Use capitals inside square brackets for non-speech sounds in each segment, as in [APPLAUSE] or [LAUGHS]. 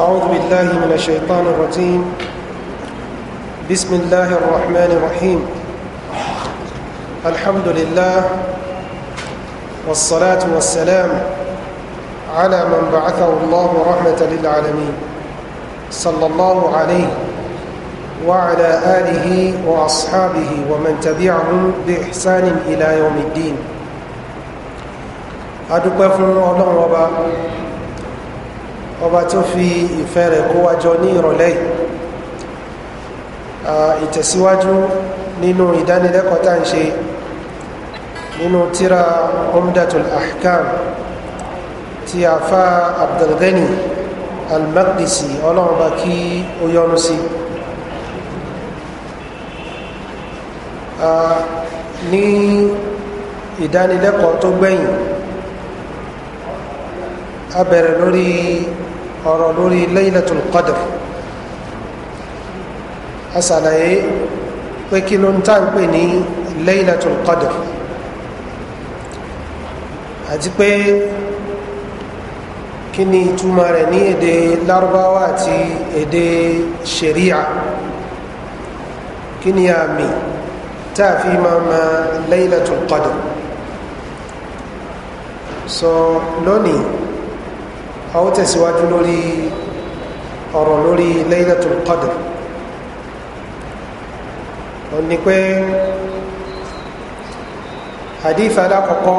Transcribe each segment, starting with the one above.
أعوذ بالله من الشيطان الرجيم بسم الله الرحمن الرحيم الحمد لله والصلاة والسلام على من بعثه الله رحمة للعالمين صلى الله عليه وعلى آله وأصحابه ومن تبعهم بإحسان إلى يوم الدين أدوكم الله وبركاته ọba tó fi ìfẹ́ rẹ̀ kó wájọ ní ìrọ̀lẹ́ ìtẹ̀síwájú nínú ìdánilẹ́kọ̀ọ́ tá ń ṣe nínú tíra umdatul ahkam ti afa abdulgani almakdisi ọlọ́run bá kí ó yọnu sí ní ìdánilẹ́kọ̀ọ́ tó gbẹ̀yìn a lórí ọ̀rọ̀ lórí laylatul qadr a ṣàlàyé pé kí ló ń tà ń pè ní laylatul qadr àti pé kí ni ìtumọ̀ rẹ̀ ní èdè lárúbáwá àti èdè sharia kí ni àmì tá a fi máa ma laylatul qadr so lónìí a ó tẹ̀síwájú lórí ọ̀rọ̀ lórí laylatul qadr ó ní pé hadith alákọ̀ọ́kọ́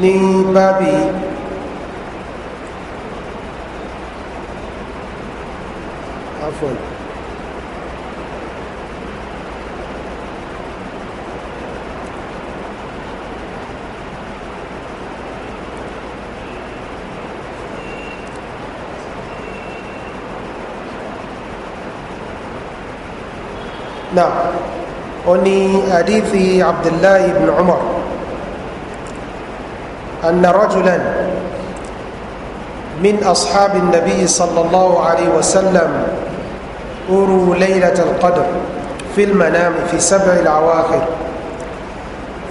ní bábí afọ́nù. náà ó ní àdífi abdullahi ibn umar anna rajulan من أصحاب النبي صلى الله عليه وسلم أروا ليلة القدر في المنام في سبع العواخر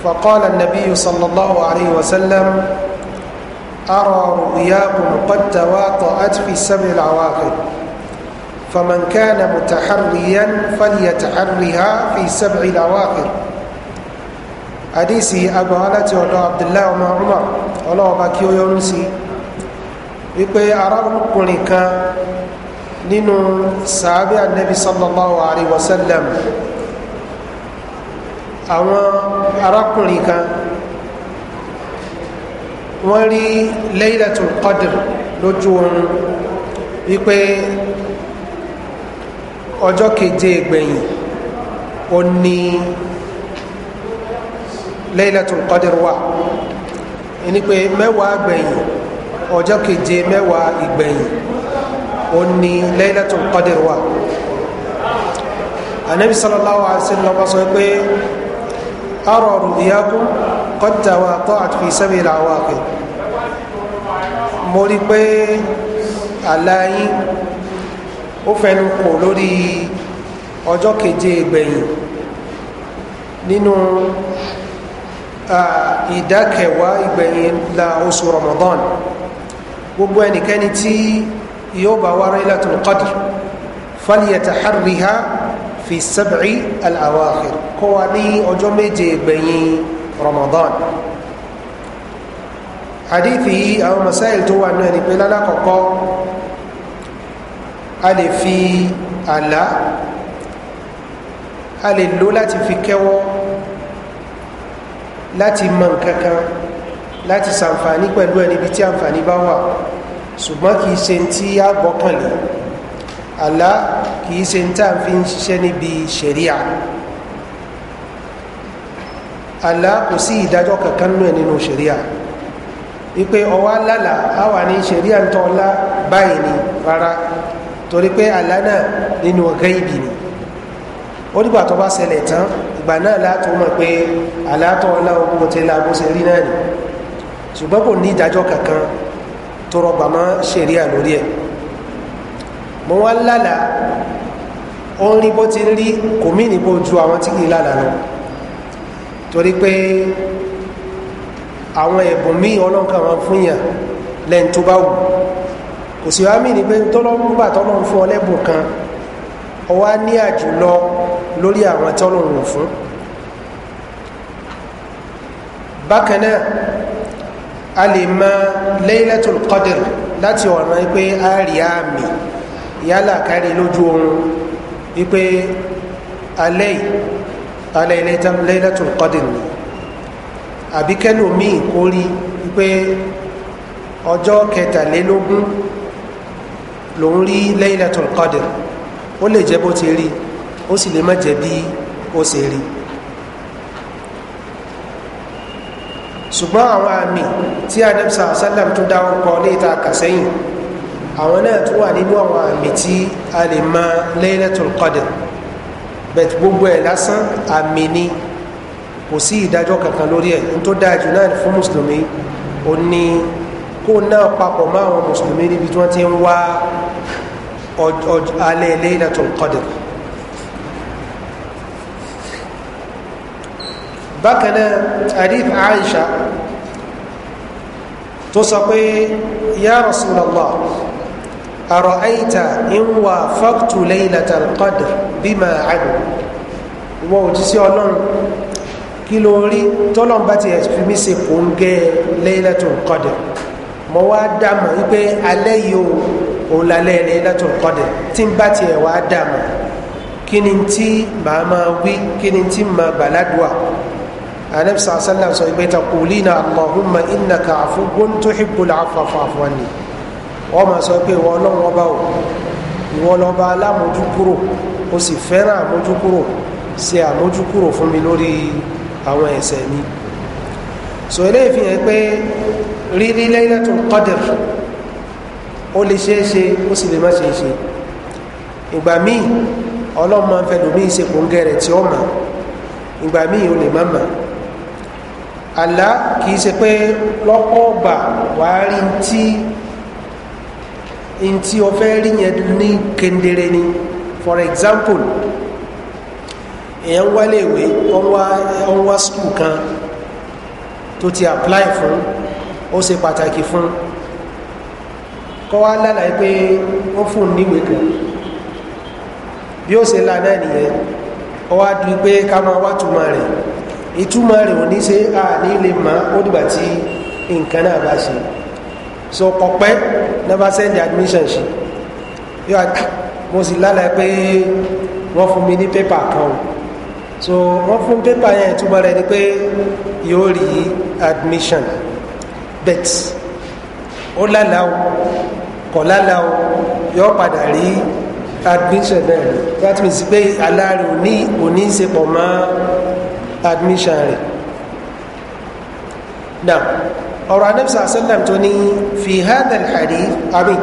فقال النبي صلى الله عليه وسلم أرى رؤياكم قد تواطأت في سبع العواقب فمن كان متحريا فليتحرها في سبع الأواخر حديثي أبو هالتي عبد الله وما عمر الله باكيو يونسي wípé arákùnrin kan nínú sàábẹ́ ànẹ́bí sallallahu alaihi wasallam àwọn arákùnrin kan wọ́n rí lẹ́yìnlẹ́tùn kọ́dìr lójú oorun wípé ọjọ́ keje gbẹ̀yìn ó ní laylatul qadr wà ní pé mẹ́wàá gbẹ̀yìn ọjọ́ keje mẹ́wàá ìgbẹ̀yìn ó ní laylatul qadr wà anabi sallallahu alayhi wa sallam sọ pé arọ rùbíyàkú kọjá wa tọ́ àti fi sẹ́mi ó fẹnu kò lórí ọjọ́ keje gbẹ̀yìn nínú ìdákẹ̀wá ìgbẹ̀yìn la oṣù ramadan gbogbo ẹnikẹ́ni tí yóò bá wá Laylatul Qadr falyatahariha fi sab'i al-awakhir kó wa ní ọjọ́ méje gbẹ̀yìn ramadan hadithi àwọn masáyìl tó wà náà ni pé lálàkọ̀kọ́ a lè fi àlá a lè lò láti fi kẹ́wọ́ láti mọ nǹkan kan láti sàǹfàní pẹ̀lú ẹni bí tí àǹfàní bá wà ṣùgbọ́n kìí ṣe tí a gbọ́kànlé àlá kìí ṣe tí a fi ń ṣiṣẹ́ níbi ṣẹ̀ríà àlá kò sí ìdájọ́ kankan nú ẹ̀ nínú ṣẹ̀ríà wípé ọwá lálàá a wà ní ṣẹ̀ríà ń tọ́ ọlá báyìí ni rárá torí pé àlá náà nínú ọ̀gá ìbì ni ó dìgbà tó bá ṣẹlẹ̀ tán ìgbà náà látò mọ̀ pé àlá tó ọlá ogun tí láàbò ṣe rí náà ni ṣùgbọ́n kò ní ìdájọ́ kankan tó rọgbà mọ́ ṣẹ̀ríà lórí ẹ̀ mo wá lálàá ó ń rí bó ti rí kò mí ní ju àwọn tí kì í lálàá lọ torí pé àwọn ẹ̀bùn míì ọlọ́nkà wọn fún yàn lẹ́ni tó bá wù kò sí wàá mí ni pé tọ́lọ́mùgbà tọ́lọ́mù fún ọlẹ́bùn kan ọwá ní àjùlọ lórí àwọn tọ́lọ́mù fún bákan náà a lè mọ lẹ́yìnlẹ́tòlù kọ́dìr láti ọ̀ràn pé a rí àmì yálà kárí lójú oorun wípé alẹ́ alẹ́ kọ́dìr ni àbíkẹ́lòmíì kórí wípé ọjọ́ kẹtàlélógún lòún rí laylatul qadr ó lè jẹ́ bó ti rí ó sì lè má jẹ́ bí ó ṣe rí ṣùgbọ́n àwọn àmì tí anamsa sallam tún dáwọ́ kọ léta kàsẹ́yìn àwọn náà tún wà nínú àwọn àmì tí a lè mọ laylatul qadr bẹ̀t gbogbo ẹ̀ lásán àmì ni kò sí ìdájọ́ kankan lórí ẹ̀ n tó dáa jù náà fún mùsùlùmí ó ní kó náà papọ̀ mọ́ àwọn mùsùlùmí níbi tí wọ́n ti ń wá alẹ́ Laylatul Qadr bákan náà hadith Aisha tó sọ pé ya Rasulullah ara'ayta in wafaqtu Laylatul Qadr bima adu wọ́n ò jí sí ọlọ́run kí ló rí tọ́lọ́mbà ti ẹ̀sùn mi ṣe kò ń gẹ́ Laylatul Qadr mo wá dá mọ̀ wípé alẹ́ yìí o òun lálẹ́ ilẹ̀ lẹ́tọ̀ kọ́dẹ̀ tí n bá tiẹ̀ wá dá mọ̀ kí ni tí màá máa wí kí ni tí màá bàládùá anabi sàlá sàlá sọ ìgbẹ́ ta kùlí na allahumma inna ka àfu gbóntó hibbul afafa afuwa ni wọ́n máa sọ pé ìwọ ọlọ́run ọba o ìwọ ọlọ́ba alámójúkúrò o sì fẹ́ràn àmójúkúrò ṣe àmójúkúrò fún mi lórí àwọn ẹ̀sẹ̀ mi sọ eléyìí fi hàn pé rírí Laylatul Qadr ó lè ṣeé ṣe ó sì lè má ṣeé ṣe ìgbà míì ọlọ́run máa ń fẹ́ lómi ṣe kòńgẹ́ rẹ̀ tí ó mà ìgbà míì ó lè má mà àlá kìí ṣe pé lọ́pọ̀ ọgbà wàá rí ntí ntí o fẹ́ rí yẹn ní kendere ni for example èèyàn wálé ìwé ọ̀n wá skul kan tó ti apply fún ó se pàtàkì fún kọ́ wá lálàá pé ó fún níwèé kan bí ó ṣe la náà nìyẹn ó wá di pé ká máa wá túmọ̀ rẹ̀ ìtumọ̀ rẹ̀ ò ní ṣe à ní lè mọ́ ó dìgbà tí nǹkan náà bá ṣe so kọ̀pẹ́ náà bá send admission ṣe yóò mo sì lálàá pé wọ́n fún mi ní pépà kan o so wọ́n fún pépà yẹn ìtumọ̀ rẹ̀ ni pé yóò rí admission bet ó lálàá o kọ̀ lálàá o yọ padà rí admission náà that means pé aláàrẹ̀ ò ní ò ní ṣe pọ̀ mọ́ admission rẹ̀ now ọ̀rọ̀ anabisa asalam tó ní fi hadal hadith abi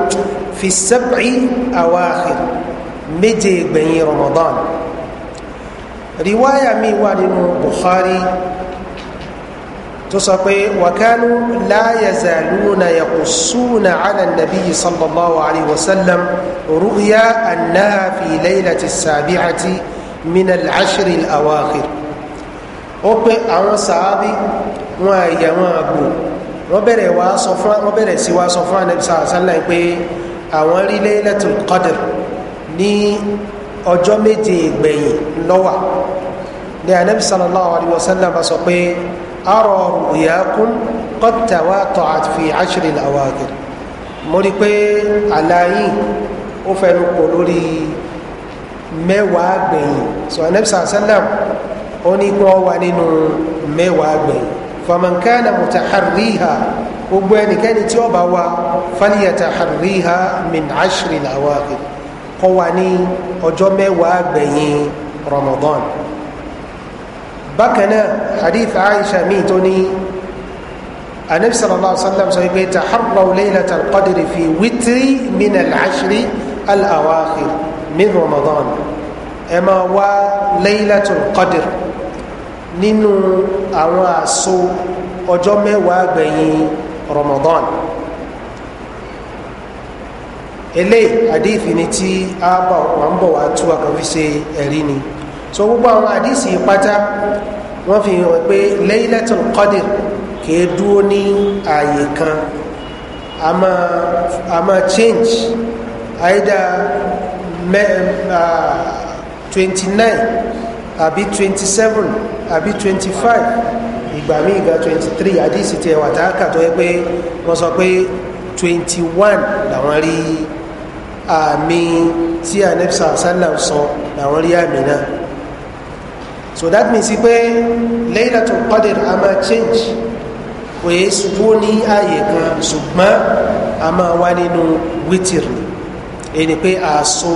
fi sab'i awaakhir méje gbẹ̀yìn ramadan riwaya mi wà nínú bukhari tó sọ pé wàkánú láyàzàlúnà yàkùsúnà alànàbí sallallahu alayhi wa sallam ruya annaha fi laylati sabi'ati min al-ashri al-awakhir ó pé àwọn sàábí wọn àyà wọn àgbò wọn bẹ̀rẹ̀ wá sọ fún wọn bẹ̀rẹ̀ sí wá sọ fún anabi sàlá pé àwọn rí laylatul qadr ní ọjọ́ méje gbẹ̀yìn lọ́wà ní anabi sallallahu alayhi sọ pé arọ rùyàkùn kọ́tà wà tọ́ àti fi àṣírí làwọn àgbẹ̀ mo rí i pé àlàyé ó fẹnu kò lórí mẹ́wàá gbẹ̀yìn sọ anabisa salam ó ní kí wọ́n wà nínú mẹ́wàá gbẹ̀yìn famankana mutahariha gbogbo ẹnikẹ́ni tí ó bá wa fáliyàtà àríhà min ashrin awaqib kọ́ wa ní ọjọ́ mẹ́wàá gbẹ̀yìn ramadan bákanáà hadith aisha míì tó ní anabi sallallahu alaihi wa sallam sọ pé taharraw laylata alqadri fi witri min alashri alawakhir min ramadan ẹ máa wá laylata alqadri nínú àwọn àṣọ ọjọ́ mẹ́wàá gbẹ̀yìn ramadan eléyìí hadith ni tí a bá wà ń bọ̀ wá tú àkànfi ṣe ẹ̀rí ni so gbogbo àwọn àdìsí pátá wọ́n fi hàn pé laylatul qadr kìí dúró ní ààyè kan a máa change either uh, 29 àbí 27 àbí 25 ìgbà míì ga 23 àdìsí tẹ wà tá a tó yẹ pé wọ́n sọ pé 21 làwọn rí àmì tí anabisa sallam sọ làwọn rí àmì náà so that means pé laylatul qadr a máa change òye ṣùgbọ́n ní ààyè kan ṣùgbọ́n a máa wá nínú wítìr ẹni pé àṣọ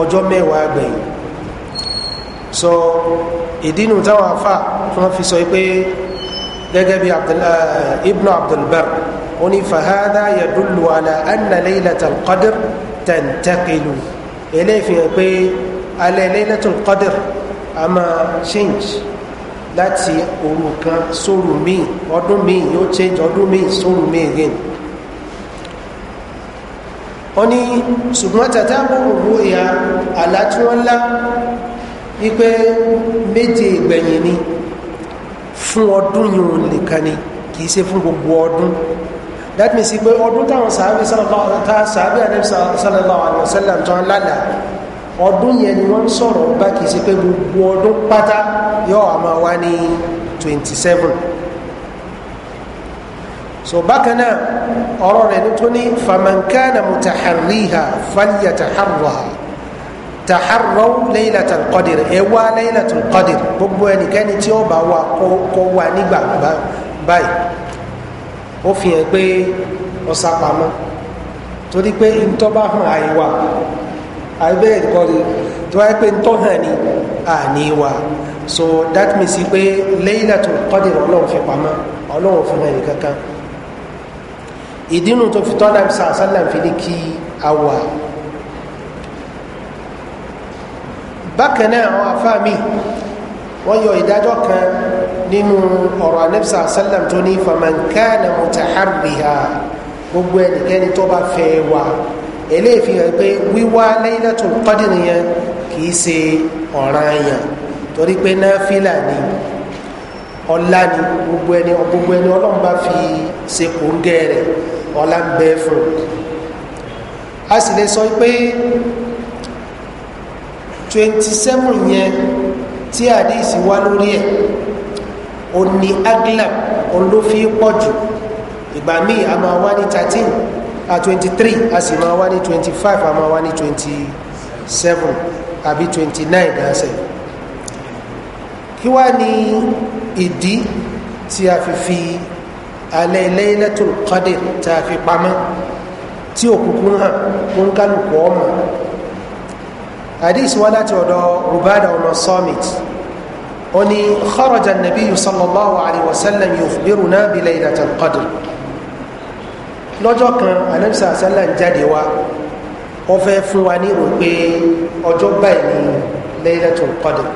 ọjọ́ mẹ́wàá gbẹ̀yìn so ìdínú táwọn afa tí wọ́n fi sọ pé gẹ́gẹ́ bí eh, ibnu abdulbar ó ní fahadà yadullu ala anna laylatul qadr tantaqilu eléyìí fi hàn pé alẹ́ laylatul qadr a máa change láti òru kan sóru míì ọdún míì yóò change ọdún míì sóru míì again wọ́n ní ṣùgbọ́n tata gbogbo ìhà àlá tí wọ́n lá wípé méje ìgbẹ̀yìn ni fún ọdún yìí nìkan ni kì í ṣe fún gbogbo ọdún that means pé ọdún táwọn sàábì sàlábà àti sàábì àti sàlábà àwọn sàlábà tó ń lálàá ọdún yẹn ni wọ́n ń sọ̀rọ̀ bá kìí ṣe pé gbogbo ọdún pátá yóò àmà wá ní twenty seven so bákan náà ọ̀rọ̀ rẹ̀ ní tó ní famankana mutahariha falya taharraha taharraw laylatul qadr ẹ wá laylatul gbogbo ẹnikẹ́ni tí ó bá wà kó wà nígbà báyìí ó fi hàn pé ó torí pé ntọ́ bá hàn àìwá àbẹ́ẹ̀ kọ́ ni tó wáyé pé ń tọ́ hàn ní àní so that means pé lẹ́yìnlá tó kọ́dé ọlọ́run fi pamọ́ ọlọ́run fi hàn ní kankan ìdínú tó fi tọ́lá sàásálà fi ní kí a wà bákan náà àwọn afáàmì wọ́n yọ ìdájọ́ kan nínú ọ̀rọ̀ anẹ́bísà sálàm tó ní famankana gbogbo ẹnikẹ́ni tó bá fẹ́ wà eléyìí fi hàn pé wíwá Laylatul Qadr yẹn kìí ṣe ọ̀ranyàn torí pé náfìlà ni ọlá ni gbogbo ẹni gbogbo ẹni ọlọ́run bá fi ṣe kòńgẹ́ rẹ̀ ọlá ń bẹ fún un a sì lè sọ pé twenty seven yẹn tí àdéhìsí wá lórí ẹ̀ ó ní aglab olófin pọ̀ jù ìgbà míì a máa wá ní thirteen twenty three a sì máa wá ní twenty five a máa wá ní twenty seven àbí twenty nine dáṣẹ kí wá ní ìdí tí a fi fi alẹ́ lẹ́yìnlẹ́tòlù kọ́dẹ̀ tá a fi pamọ́ tí òkùnkùn hàn ó ń kálukú ọmọ hadith wa láti ọ̀dọ̀ rubada ọmọ summit ó kharaja nabiyu sallallahu alayhi wa sallam yóò fi bírù náà bí lẹ́yìnlẹ́tòlù kọ́dẹ̀ lọ́jọ́ kan anamisa asala ń jáde wá wọ́n fẹ́ fún wa ní ìwé pé ọjọ́ báyìí ni Laylatul Qadr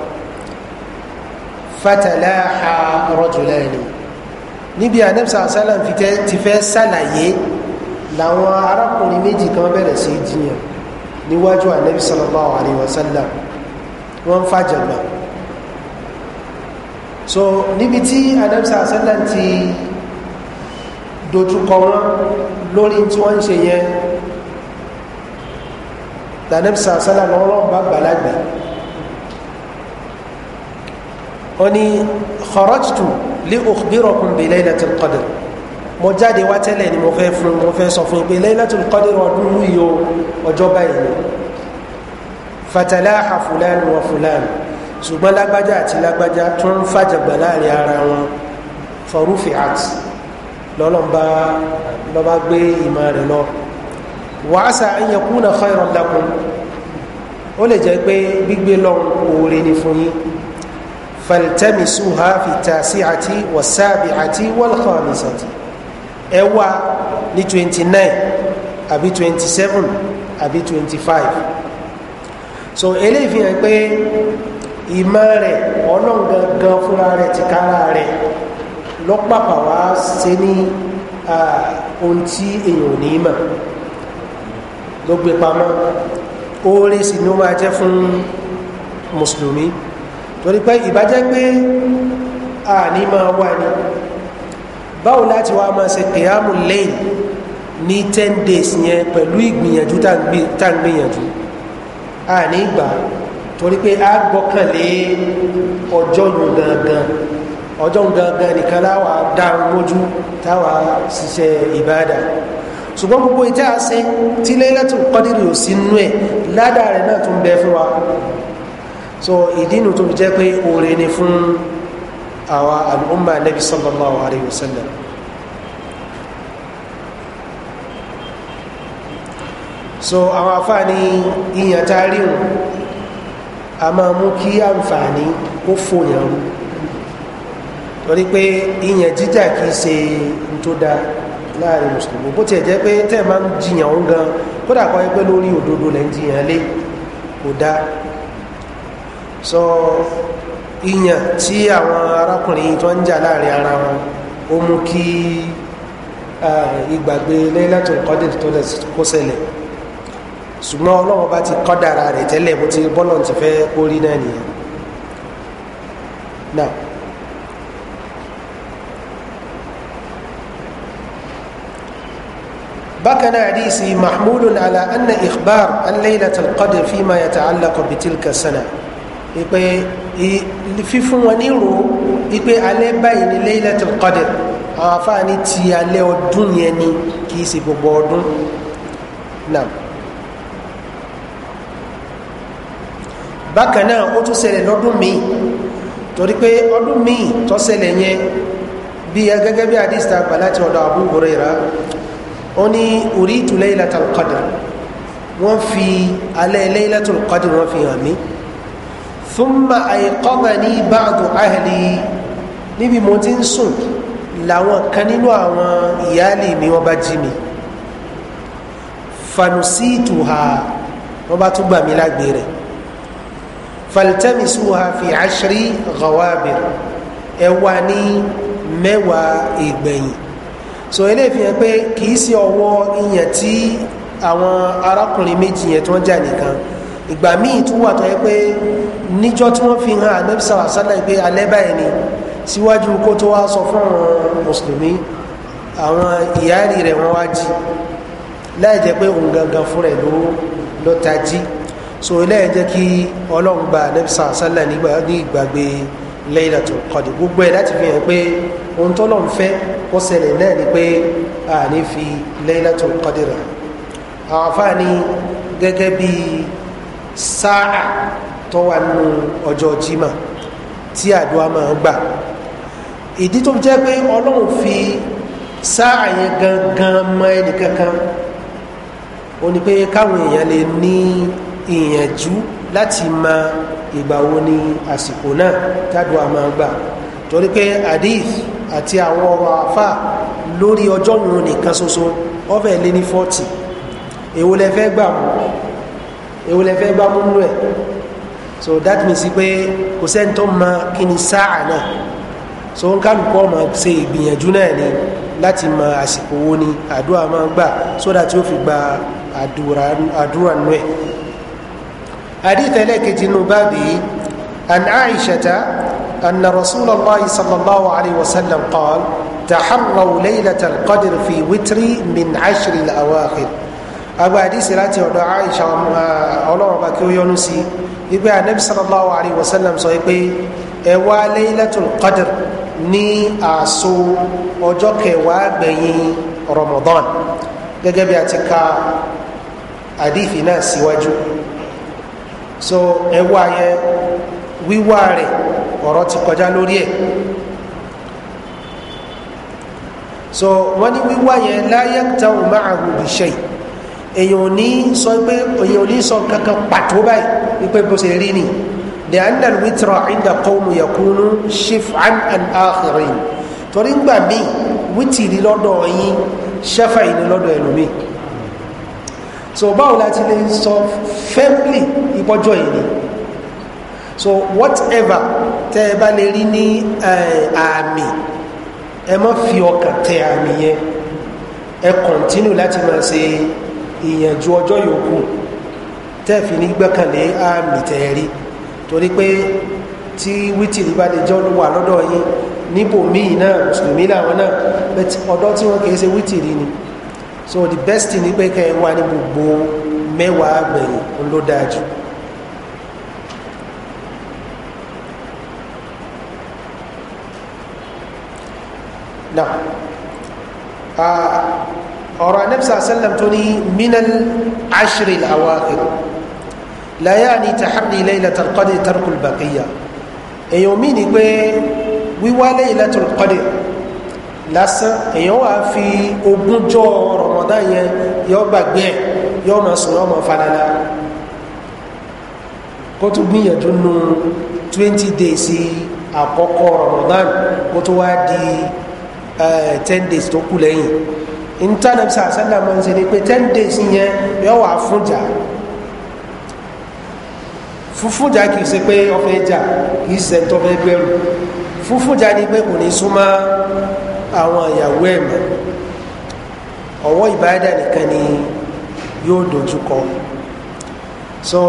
fatalaha rajulani níbi anamisa asala ti fẹ́ sàlàyé làwọn arákùnrin méjì kan bẹ̀rẹ̀ sí jiyàn níwájú anabi sallallahu alayhi wa sallam wọ́n ń fàjàgbà so níbi tí anamisa asala ti dojúkọ wọn lórí tí wọ́n ń ṣe yẹn dànẹ́bísà sálà lọ́wọ́ bá gbàlagbà ó ní kharajtu li ukhbirakum bi laylatil qadr mo jáde wá tẹ́lẹ̀ ni mo fẹ́ fún mo fẹ́ sọ fún pé laylatil qadr ọdún yìí o ọjọ́ báyìí ni fatalaha fulani wa fulani ṣùgbọ́n lágbájá àti lágbájá tún ń fàjàgbà láàrin ara wọn farufiat lọ́lọ́mbà lọ́ba gbé ìmọ̀ rẹ̀ lọ wàásà ẹ̀yẹkùnà khayran lakum ó lè jẹ́ pé gbígbé lọ oore ni fún yín faltamisuha fi tasi'ati wasabi'ati wal khamisati ẹ wá ní twenty nine àbí twenty àbí twenty so eléyìí fi hàn pé ìmọ̀ rẹ̀ ọlọ́ngangan fúnra rẹ̀ tìkára rẹ̀ lọ́pàpà wá ṣe ní ohun tí èèyàn ò ní mọ̀ ló gbé pamọ́ oore sì ni ó máa jẹ́ fún mùsùlùmí torí pé ìbájẹ́ pé àní máa wà ní báwo láti wá máa ṣe kìyàmù lẹ́yìn ní ten days yẹn pẹ̀lú ìgbìyànjú tá ń gbìyànjú àní ìgbà torí pé a gbọ́kànlé ọjọ́ yòó gangan ọjọ́ gangan nìkan láwà dáhùn mójú táwà ṣiṣẹ́ ìbáadà ṣùgbọ́n gbogbo ìtẹ́ àṣẹ tí lẹ́lẹ́tù kọ́dìrì ò sí nú ẹ̀ ládàá rẹ̀ náà tún bẹ fún wa so ìdínú tó fi jẹ́ pé oore ni fún àwa al'umma nabi sallallahu alaihi wasallam so àwọn afáàní ìyàn tá a rí wọn máa mú kí àǹfààní ó fòyàn torí pé ìyẹn jíjà kì í ṣe n tó da láàrin mùsùlùmí bó tiẹ̀ jẹ́ pé tẹ́ ẹ̀ máa ń jiyàn gan kódà kọ́ pé lórí òdodo lẹ́ ń jiyàn lé kò da sọ ìyàn tí àwọn arákùnrin tó ń jà láàrin ara wọn ó mú kí ìgbàgbé lẹ́lẹ́tò kọ́dìrì tó lẹ̀ kó ṣẹlẹ̀ ṣùgbọ́n بكنا حديثي محمول على أن إخبار الليلة القدر فيما يتعلق بتلك السنة إيه في فوانيرو يبي على بين ليلة القدر عفاني تيالي الدنيا ني كيس ببودون نعم bákan náà ó tún ṣẹlẹ̀ lọ́dún míì torí pé ọdún míì tó ṣẹlẹ̀ yẹn bí gẹ́gẹ́ bí àdìsítà àgbà láti ọ̀dọ̀ àbúrò rẹ̀ rà wọ́n ní oríìtú laylatul qadr wọ́n fi alẹ́ laylatul qadr wọ́n fi hàn mí thumma ayqadhani ba'du ahli níbi mo ti ń sùn làwọn kan nínú àwọn ìyáálì mi wọ́n bá jí mi fanusituha wọ́n bá tún gbà mí lágbè rẹ̀ faltamisuha fi ashri ghawabir ẹ ní mẹ́wàá ìgbẹ̀yìn so eléyìí fi hàn pé kì í ṣe ọwọ́ ìyàn tí àwọn arákùnrin méjì yẹn tí wọ́n jà nìkan ìgbà míì tún wà tó yẹ pé níjọ́ tí wọ́n fi hàn anabi sàlá sàlá pé alẹ́ báyìí ni síwájú kó tó wá sọ fún àwọn mùsùlùmí àwọn ìyáàrí rẹ̀ wọ́n wá jí láì jẹ́ pé òun gangan fún rẹ̀ ló ló ta jí so eléyìí jẹ́ kí ọlọ́run gba anabi sàlá sàlá ní ìgbàgbé. Laylatul Qadr gbogbo ẹ̀ láti fi hàn pé ohun tó lọ́n fẹ́ kó ṣẹlẹ̀ náà ni pé a ní fi Laylatul Qadr rà àwọn afáàní gẹ́gẹ́ bí sáà tó wà nínú ọjọ́ jimá tí àdúrà máa gbà ìdí tó jẹ́ pé ọlọ́run fi sáà yẹn gangan mọ ẹnìkankan ó ní pé káwọn èèyàn lè ní ìyànjú láti máa ìgbà wo ni àsìkò náà tádùá máa gbà torí pé hadith àti àwọn ọ̀rọ̀ àfà lórí ọjọ́ òun nìkan ṣoṣo ọ̀fẹ́ lé ní fọ́tì èwo lẹ gbà mú èwo lẹ gbà mú nínú so that means pé kò sẹ́ni tó mọ kí ni sáà náà so n kálukọ́ ma ṣe ìgbìyànjú náà ni láti mọ àsìkò wo ni àdúrà máa gbà sódà tí ó fi gba àdúrà nú ẹ̀. حديث لك جنبابي أن عائشة أن رسول الله صلى الله عليه وسلم قال تحروا ليلة القدر في وتر من عشر الأواخر أبو حديث راتي ودعا عائشة أولو بكيو يونسي يقول النبي صلى الله عليه وسلم صحيح ẹwà ليلة القدر ní àṣọ ọjọ́ kẹwàá gbẹ̀yìn ramadan gẹ́gẹ́ bí a ti ka àdìfì náà síwájú. Si so ẹwà yẹn wíwá rẹ̀ ọ̀rọ̀ ti kọjá lórí ẹ̀ so wọ́n ní wíwá yẹn láyé ta ò àwòrán iṣẹ́ yìí èyàn ní sọ pé èyàn ní sọ kankan pàtó báyìí wípé bó ṣe rí ni the andal witra inda qawmu yakunu shif'an an akhirin torí ngbà míì wítìrí lọ́dọ̀ yín ṣẹ́fà yìí ni lọ́dọ̀ ẹlòmíì so báwo la ti lè sọ firmly ìpọ́jọ́ yìí so whatever tẹ́ ẹ bá lè rí ní eh, àmì ẹ má fi ọkàn tẹ àmì yẹn ẹ kọ̀ntínú láti máa ṣe ìyànjú ọjọ́ yòókù tẹ́ẹ̀fì ní gbẹ́kànlé àmì tẹ́ẹ̀rí torí pé tí wítìrí bá lè jọ wà lọ́dọ̀ yín níbòmíì náà mùsùlùmí làwọn náà ọ̀dọ́ tí wọ́n kìí ṣe wítìrí ni so the best thing ni pé kẹ́ ẹ wá ní gbogbo mẹ́wàá gbẹ̀yìn ló dáa jù. náà ọ̀rọ̀ anẹ́bísà sẹ́lẹ̀m tó ní minal ashiri awakir láyá ní tàhárí lẹ́yìnlẹ́tà kọ́dé tarkul bàkíyà èèyàn mí ni pé wíwá lẹ́yìnlẹ́tà kọ́dé lásán èèyàn wà fi ogúnjọ́ rọ̀mọ́dán yẹn yọ gbàgbé ẹ̀ yọ máa sùn yọ falala kó tó gbìyànjú nu twenty days àkọ́kọ́ rọ̀mọ́dán kó tó wá di eh, ten days tó kù lẹ́yìn intanet sàṣẹ́lá máa ń ṣe ni pé ten days yẹn yọ wà fúnjà fúnfúnjà kìí ṣe pé ọfẹ jà kìí ṣe tó fẹ gbẹrù fúnfúnjà ni pé kò ní súnmọ́ àwọn ìyàwó ẹ̀ mọ́ ọ̀wọ́ ìbáyàdà nìkan ni yóò dojú kọ so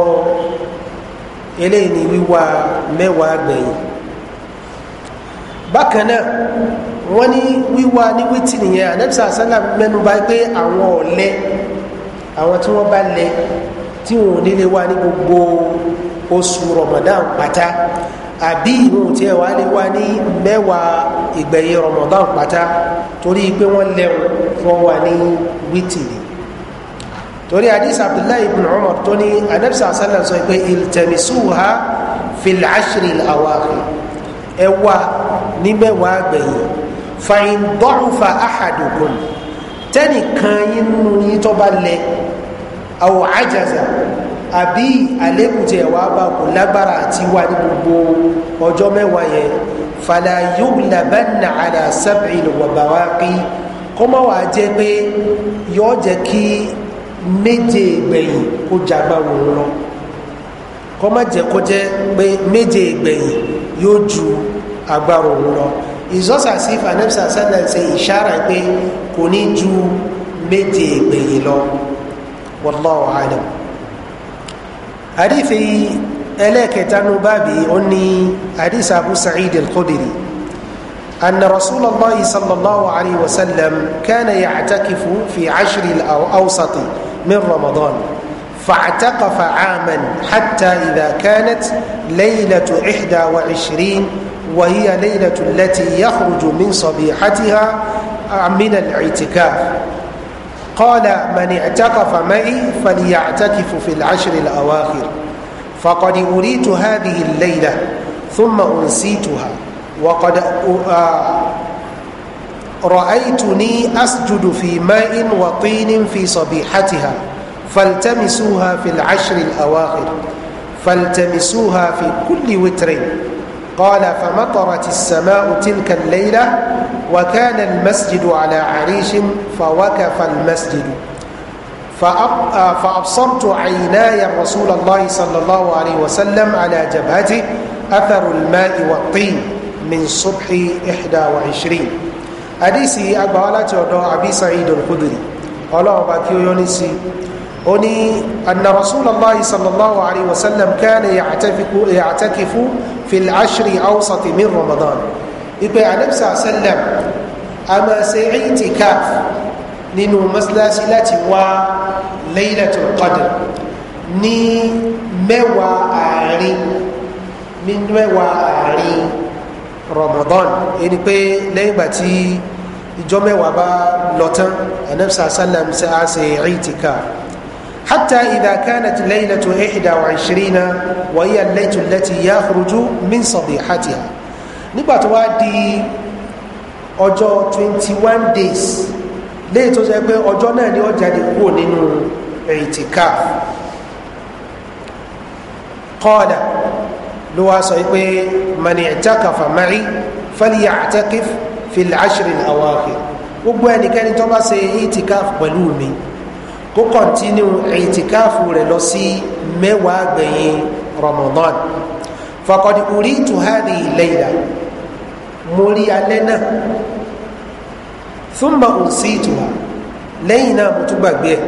eléyìí ni wíwá mẹ́wàá gbẹ̀yìn bákan náà wọ́n ní wíwá ní wítì nìyẹn anabisa asala mẹ́nu bà pé àwọn ọ̀lẹ àwọn tí wọ́n bá lẹ tí wọn ò nílé wá ní gbogbo oṣù ramadan pátá àbí ìrun tí ẹ wá lè wá ní mẹ́wàá ìgbẹ̀yìn ramadan pátá torí pé wọ́n lẹ́rù wọ́n wà ní wítìrì torí hadith abdullahi ibn umar tó ní anabisa sallam sọ pé iltamisuha fil ashri awakhir ẹ wá ní mẹ́wàá gbẹ̀yìn fàyín dọ́rùfà ahadukum tẹ́nìkan yín nínú yín tó bá lẹ àwọ̀ àjàzà àbí àlékún tí ẹ̀wà bá kò lágbára àti wà ní gbogbo ọjọ́ mẹ́wàá yẹn fàlà yóò làbánà àlà sábẹ̀ ìlọ̀wọ̀bà wá pé kọ́mọ́ wà jẹ́ pé yọ́ jẹ́ kí méje ìgbẹ̀yìn kó jagbára òun lọ kọ́mọ́ jẹ́ kó jẹ́ pé méje ìgbẹ̀yìn yóò ju agbára òun lọ ìzọ́sà sí sẹ́lẹ̀ ṣe ìṣára pé kò ní ju méje ìgbẹ̀yìn lọ wọ́n lọ́wọ́ àdàmù. hadithi إليك nu báàbí ó أبو سعيد abu sa'id al أن رسول الله صلى الله عليه وسلم كان يعتكف في عشر الأوسط من رمضان فاعتقف عاما حتى إذا كانت ليلة إحدى وعشرين وهي ليلة التي يخرج من صبيحتها من الاعتكاف قال من اعتكف معي فليعتكف في العشر الأواخر فقد أريت هذه الليلة ثم أنسيتها وقد رأيتني أسجد في ماء وطين في صبيحتها فالتمسوها في العشر الأواخر فالتمسوها في كل وتر قال فمطرت السماء تلك الليلة وكان المسجد على عريش فوقف المسجد فأبصرت عيناي رسول الله صلى الله عليه وسلم على جبهته أثر الماء والطين من صبح إحدى وعشرين حديثي أقبالات أبي سعيد الخدري الله باكيو يونسي أني أن رسول الله صلى الله عليه وسلم كان يعتكف في العشر أوسط من رمضان ìpè anabisa sallam a máa ṣe itikaf nínú mọ́sálásí láti wá laylatul qadr ní mẹ́wàá àárín ní mẹ́wàá àárín ramadan ẹni pé lẹ́yìn ìgbà tí ìjọ mẹ́wàá bá lọ tán anabisa sallam ṣe á ṣe itikaf. حتى إذا كانت ليلة 21 وهي الليلة التي يخرج من صبيحتها nígbà tó wá di ọjọ́ twenty one days léyìí tó sọ pé ọjọ́ náà ni ó jáde kúrò nínú ìtìkáf kọ́ọ̀dà ló wá sọ pé mani ìtàkàfà mari fẹ́lẹ̀ àtẹ́kìf fìlẹ̀ àṣírí àwọn àkè gbogbo ẹnikẹ́ni tó bá ṣe ìtìkáf pẹ̀lú mi kó kọ̀ntínú ìtìkáfù rẹ̀ lọ sí mẹ́wàá gbẹ̀yìn ramadan fakọ̀dì orí tuhari lẹ́yìnlá mo rí alẹ́ náà thumma unsituha lẹ́yìn náà mo tún gbàgbé ẹ̀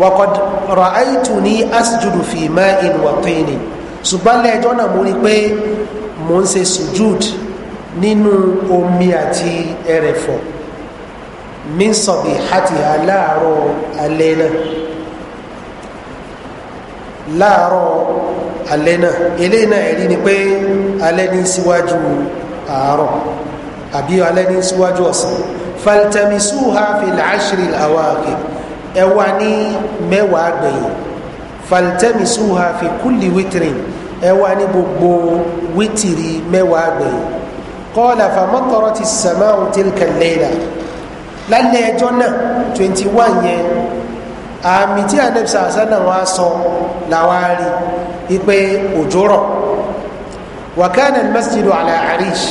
wa qad ra'aytuni asjudu fi ma'in wa tin ṣùgbọ́n lẹ́ẹ̀jọ́ náà mo rí pé mo ń ṣe sujud nínú omi àti ẹrẹ̀fọ̀ min sabihatiha láàárọ̀ alẹ́ náà láàárọ̀ alẹ́ náà eléyìí náà ẹ̀rí ni pé alẹ́ ní síwájú àárọ̀ àbí alẹ́ ní síwájú ọ̀sán faltamisuha fil ashril awaqir ẹ wá ní mẹ́wàá gbẹ̀yìn faltamisuha fi kulli witrin ẹ wá ní gbogbo wítìrì mẹ́wàá gbẹ̀yìn qala famatarat as-sama'u tilka al lálẹ́ ẹjọ́ náà twenty one yẹn àmì tí anabisa asana wa sọ làwa rí òjò rọ̀. وكان المسجد على عريش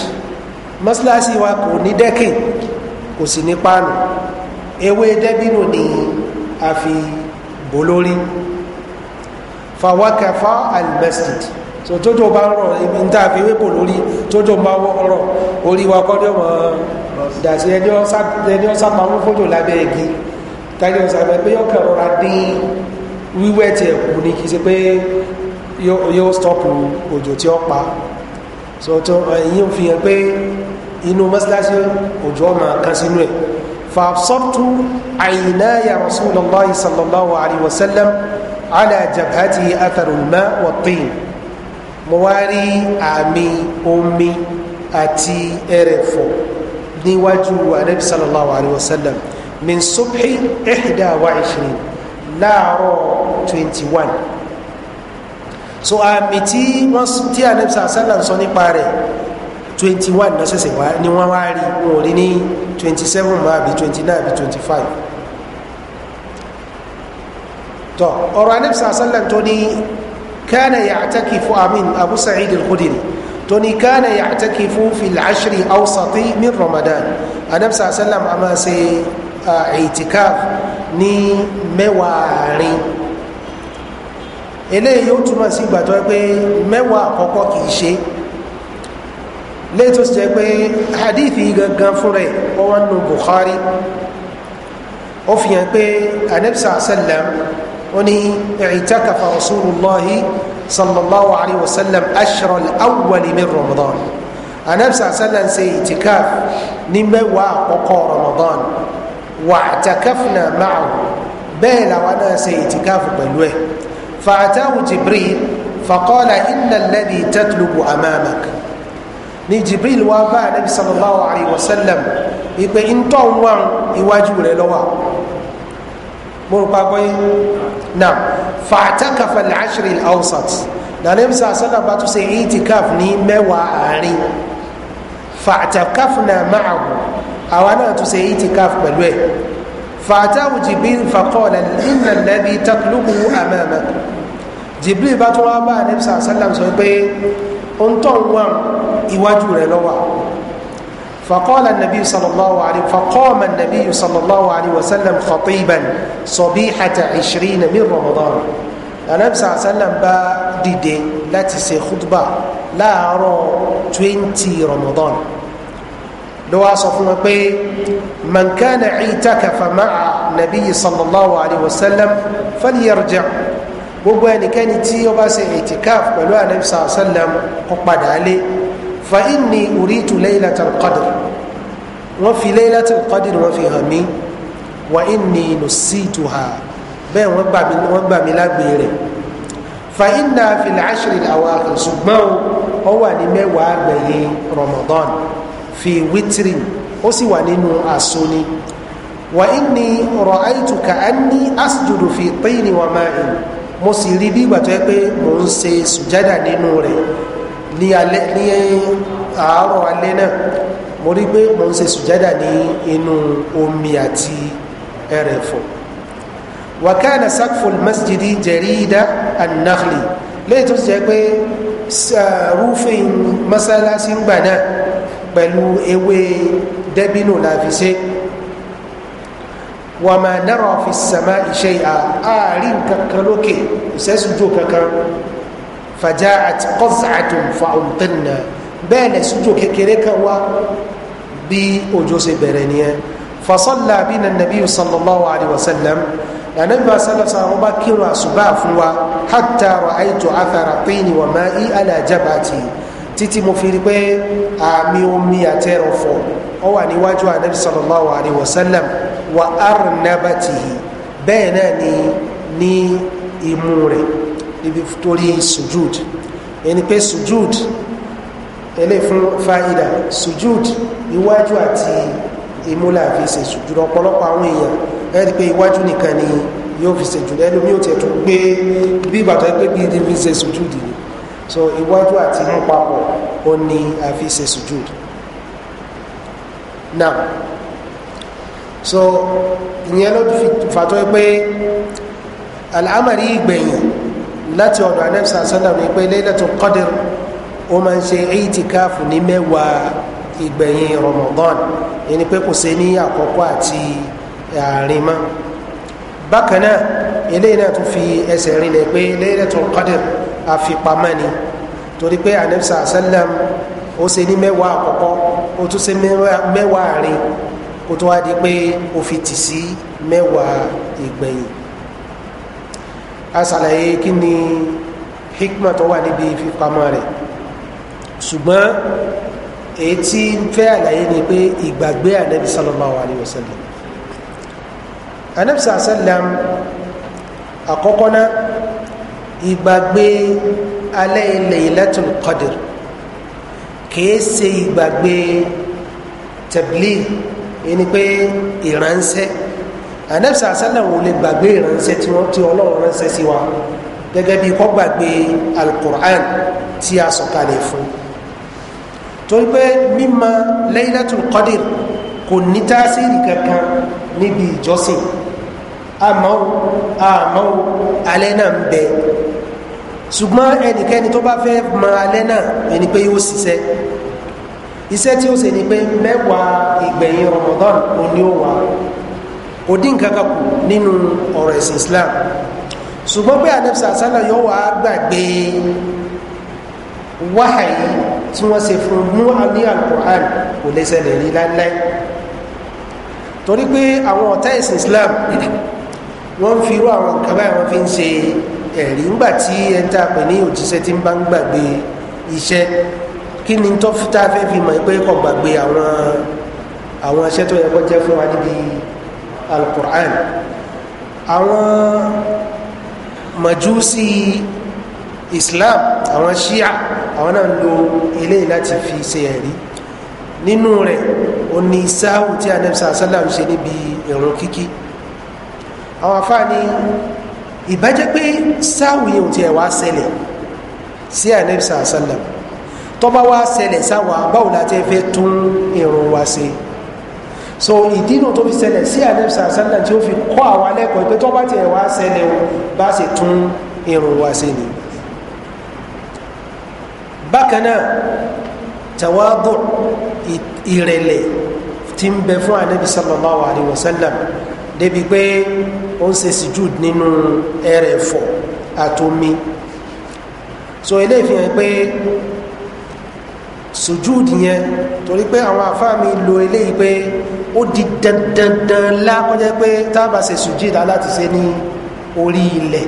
masilasi wa kò ní dẹ́kìn kò sì ní páànù ewé dẹ́bínú ni so tójò bá rọ ibi ń tàbí ewé bò lórí tójò bá rọ orí wa kọ́dọ̀ mọ́ dàsí ẹni ọ̀sápamọ́ fójò lábẹ́ igi tàbí ọ̀sápamọ́ pé yọkàn rọra dín wíwẹ́ tiẹ̀ kù ní kì í ṣe pé yóò stọ́pù òjò tí ó pa so tó ẹ̀yìn eh, fi hàn pé inú mọ́sálásí òjò ọmọ kan sínú ẹ̀ fàbsọ́tù àyìnáyà rasulillah sallallahu alayhi wa sallam ala jabhati atharulma wa tin mo wá rí àmì omi àti ẹrẹ̀fọ̀ níwájú anabi sallallahu alayhi wa sallam min subhi ihda wa ishrin láàárọ̀ twenty one so àmì tí wọ́n tí anabisa sallam sọ nípa rẹ̀ twenty one náà ṣẹ̀ṣẹ̀ wá ni wọ́n wá rí wọn ò rí ní twenty seven mọ́ àbí twenty nine àbí twenty five tọ́ ọ̀rọ̀ anabisa sallam tó ní kánà yàtàkì fún amin abu sa'id al-khudiri tó ní kánà yàtàkì fún filashiri awsati min ramadan anabisa sallam a máa ṣe ìtìkáf ní mẹ́wàá rin eléyìí yóò túmọ̀ sí ìgbà tó yẹ pé mẹ́wàá àkọ́kọ́ kì í ṣe léyìí tó sì jẹ́ pé hadith yìí gangan fún rẹ̀ ó wá nù bukhari ó fi hàn pé anabisa sallam ó ní ìtàkàfà rasulullahi sallallahu alayhi wa sallam ashra al min ramadan anabisa sallam ṣe ìtìkáf ní mẹ́wàá àkọ́kọ́ ramadan wà àtàkàfnà máa bẹ́ẹ̀ làwọn náà ṣe ìtìkáf pẹ̀lú ẹ̀ فأتاه جبريل فقال إن الذي تطلب أمامك ni jibril wá bá anabi sallallahu alayhi wa sallam ìpè ntọ́ wa iwájú rẹ̀ lọ́wọ́ mo rò pàgọ́ yìí na fàtàkàfà làásìrì alsat na anabi sallallahu alayhi wa sallam bá tún ṣe itikaf ní mẹ́wàá àárín fàtàkàfà náà máa hù àwa náà tún ṣe itikaf pẹ̀lú ẹ̀. فأتاه جبريل فقال إن الذي تطلبه أمامك جبريل باتوا أبا النبي صلى الله عليه وسلم سوى أنتم وام إواجه لنوا فقال النبي صلى الله عليه فقام النبي صلى الله عليه وسلم خطيبا صبيحة عشرين من رمضان النبي صلى الله عليه وسلم با ديدي لا تسي خطبة لا أرى 20 رمضان ló wá sọ fún wọn pé mankana ìtaka famaca nabi sallallahu alayhi wa sallam falyarja gbogbo ẹnikẹ́ni tí ó bá ṣe ìtìkáf pẹ̀lú anabi sallallahu alayhi wa sallam kó padà lé fa inni uritu laylata alqadr wọn fi laylata alqadr wọn fi hàn mí wa inni nusituha bẹ́ẹ̀ wọ́n gbà mí wọ́n gbà mí lágbè fa inna fi lacashirin awaakir ṣùgbọ́n ó wà ní mẹ́wàá gbẹ̀yìn ramadan fi wítírì ó sì wà nínú àṣọ ni wà ní ọ̀rọ̀ àìtùkà á ní àṣìjòdò fi tíìnì wà máa ìn mo sì rí bí ìgbà tó yẹ pé mò ń ṣe sùjádà nínú rẹ̀ ní àárọ̀ alẹ́ náà mo rí pé mo ń ṣe sùjádà ní inú omi àti ẹrẹ̀fọ̀ wakana sakful masjidi jarida annahli léyìí tó ṣe pé rúfin masalasi ń gbà náà pẹ̀lú ewé dẹ́bínú la fi ṣe wà máa nára fi sàmá iṣẹ́ ìhà àárín kankan lókè ìṣẹ́sùjò kankan fàjá àti kọ́sàtún fàùntẹ́nà bẹ́ẹ̀ lẹ̀ sùjò kékeré kan wá bí òjò ṣe bẹ̀rẹ̀ nìyẹn fasọ́lá bí na nàbí sallallahu alayhi wa sallam nàbí wa sallam sàrọ̀ bá kírun àṣùbà fún wa hàtà àìtò àfàrà ni wà máa í alájábàtì títí mo fi rí pé àmì omi àtẹrọ̀fọ̀ ọ wà níwájú anabi sallallahu alayhi wa sallam wa arnabatihi bẹ́ẹ̀ náà ni ní imú rẹ̀ níbi torí sujud ẹni pé sujud ẹlẹ́ fún fáìdà sujud iwájú àti imú la fi ṣe sujud ọ̀pọ̀lọpọ̀ àwọn èèyàn ẹni pé iwájú nìkan ni yóò fi ṣe jùlọ ẹlòmíì ò tiẹ̀ tún gbé bí bàtà pé bí ti fi ṣe sujud ni so iwájú àti inú papọ̀ ó ní a ṣe sùjúd now so ìyẹn ló fàtọ́ pé alámàrí ìgbẹ̀yìn láti ọ̀dọ̀ anẹ́bísà sọ́nà ní pé lẹ́lẹ́tọ̀ kọ́dìr ó máa ń ṣe ìtìkáàfù ní mẹ́wàá ìgbẹ̀yìn ramadan ẹni pé kò ṣe ní àkọ́kọ́ àti àárín mọ́ bákan náà eléyìí náà tún fi ẹsẹ̀ rinlẹ̀ pé lẹ́lẹ́tọ̀ kọ́dìr àfipamọ́ ni torí pé anabisa asalam ó ṣe ní mẹ́wàá àkọ́kọ́ ó tún ṣe mẹ́wàá rẹ̀ kó tó wá di pé ó fi tì sí mẹ́wàá ìgbẹ̀yìn a ṣàlàyé kí ni hikma tó wà níbi ìfipamọ́ rẹ̀ ṣùgbọ́n èyí tí ń fẹ́ àlàyé ni pé ìgbàgbé anabi sallallahu alayhi wa sallam anabi sallallahu alayhi àkọ́kọ́ náà ìgbàgbé alẹ́ Laylatul Qadr kìí ṣe ìgbàgbé tabligh ẹni pé ìránṣẹ́ anabisa asálàmù lè gbàgbé ìránṣẹ́ tí wọ́n ti ọlọ́run ránṣẹ́ sí wa gẹ́gẹ́ bí kó gbàgbé alukur'an tí a sọ̀kalẹ̀ fún torí pé mímọ̀ Laylatul Qadr kò ní tásìrì kankan níbi ìjọsìn àmọ́ àmọ́ alẹ́ náà ń bẹ ṣùgbọ́n ẹnikẹ́ni tó bá fẹ́ mọ alẹ́ náà ẹni pé yóò ṣiṣẹ́ iṣẹ́ tí ó ṣe ni pé mẹ́wàá ìgbẹ̀yìn Ramadan òní ó wà kò dín nǹkan kan kù nínú ọ̀rọ̀ ẹ̀sìn Islam ṣùgbọ́n pé anabisa asala yóò wá gbàgbé wáhàyí tí wọ́n ṣe fún mú ní alukur'an kò lè ṣẹlẹ̀ rí láíláí torí pé àwọn ọ̀tá ẹ̀sìn Islam wọ́n ń fi irú àwọn nǹkan báyìí wọ́n fi ń ṣe ẹ̀rí ńgbà tí ẹ ń ta pè ní òjíṣẹ́ tí ń bá ń gbàgbé iṣẹ́ kí ni tó tá a fẹ́ fi mọ̀ pé kò gbàgbé àwọn àwọn iṣẹ́ tó yẹ kó jẹ́ fún wa níbi alukur'an àwọn màjúsí islam àwọn shia àwọn náà lo ilé láti fi ṣe ẹ̀rí nínú rẹ̀ o ní sáhù tí anẹ́bísà sálàm ṣe níbi ìrun kíkí àwọn afáàní ìbájẹ́ pé sáwù yìí ò tiẹ̀ wá ṣẹlẹ̀ sí ànẹ́bísà sálàm tọ́ba wá ṣẹlẹ̀ sáwà báwo la ti fẹ́ tún irun wa ṣe so ìdínà tó fi ṣẹlẹ̀ sí ànẹ́bísà sálàm tí ó fi kọ́ àwa lẹ́kọ̀ọ́ pé tọ́ba tiẹ̀ wá ṣẹlẹ̀ o bá ṣe tún irun wa ṣe ni bákan náà tàwádùn ìrẹ̀lẹ̀ ti ń bẹ fún ànẹ́bísà sallallahu alaihi wasallam débi pé ó ń ṣe sujud nínú ẹrẹ̀ ẹ̀fọ́ àtomi so ilé ìfihàn pé sujud yẹn torí pé àwọn àfáàmì lo eléyìí pé ó di dandandan lákọjá pé tábà ṣe sujud aláti ṣe ní orí ilẹ̀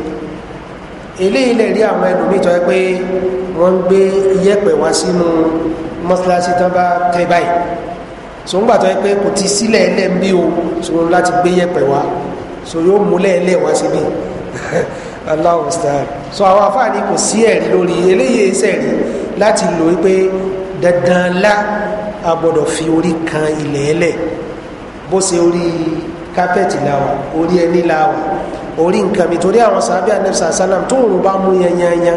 eléyìí lè rí àwọn ẹlòmíì tó yẹ pé wọ́n ń gbé iyẹ̀pẹ̀ wá sínú mọ́ṣáláṣí tán bá tẹ́ báyìí so ńgbà tó yẹ pé kò ti sílẹ̀ ẹlẹ́ ń bí o so láti gbé yẹpẹ̀ wá so yóò múlẹ̀ ẹlẹ́ wá síbi [LAUGHS] Allahu star so àwọn afáàní kò sí ẹ̀rí lórí eléyìí sẹ̀rí láti lò wípé dandan ńlá a gbọ́dọ̀ fi orí kan ilẹ̀ ẹlẹ̀ bó ṣe orí kápẹ́ẹ̀tì láwà orí ẹní láwà orí nǹkan mi torí àwọn sàbí anẹ́bísà sálàm tó òun bá mú yanyanya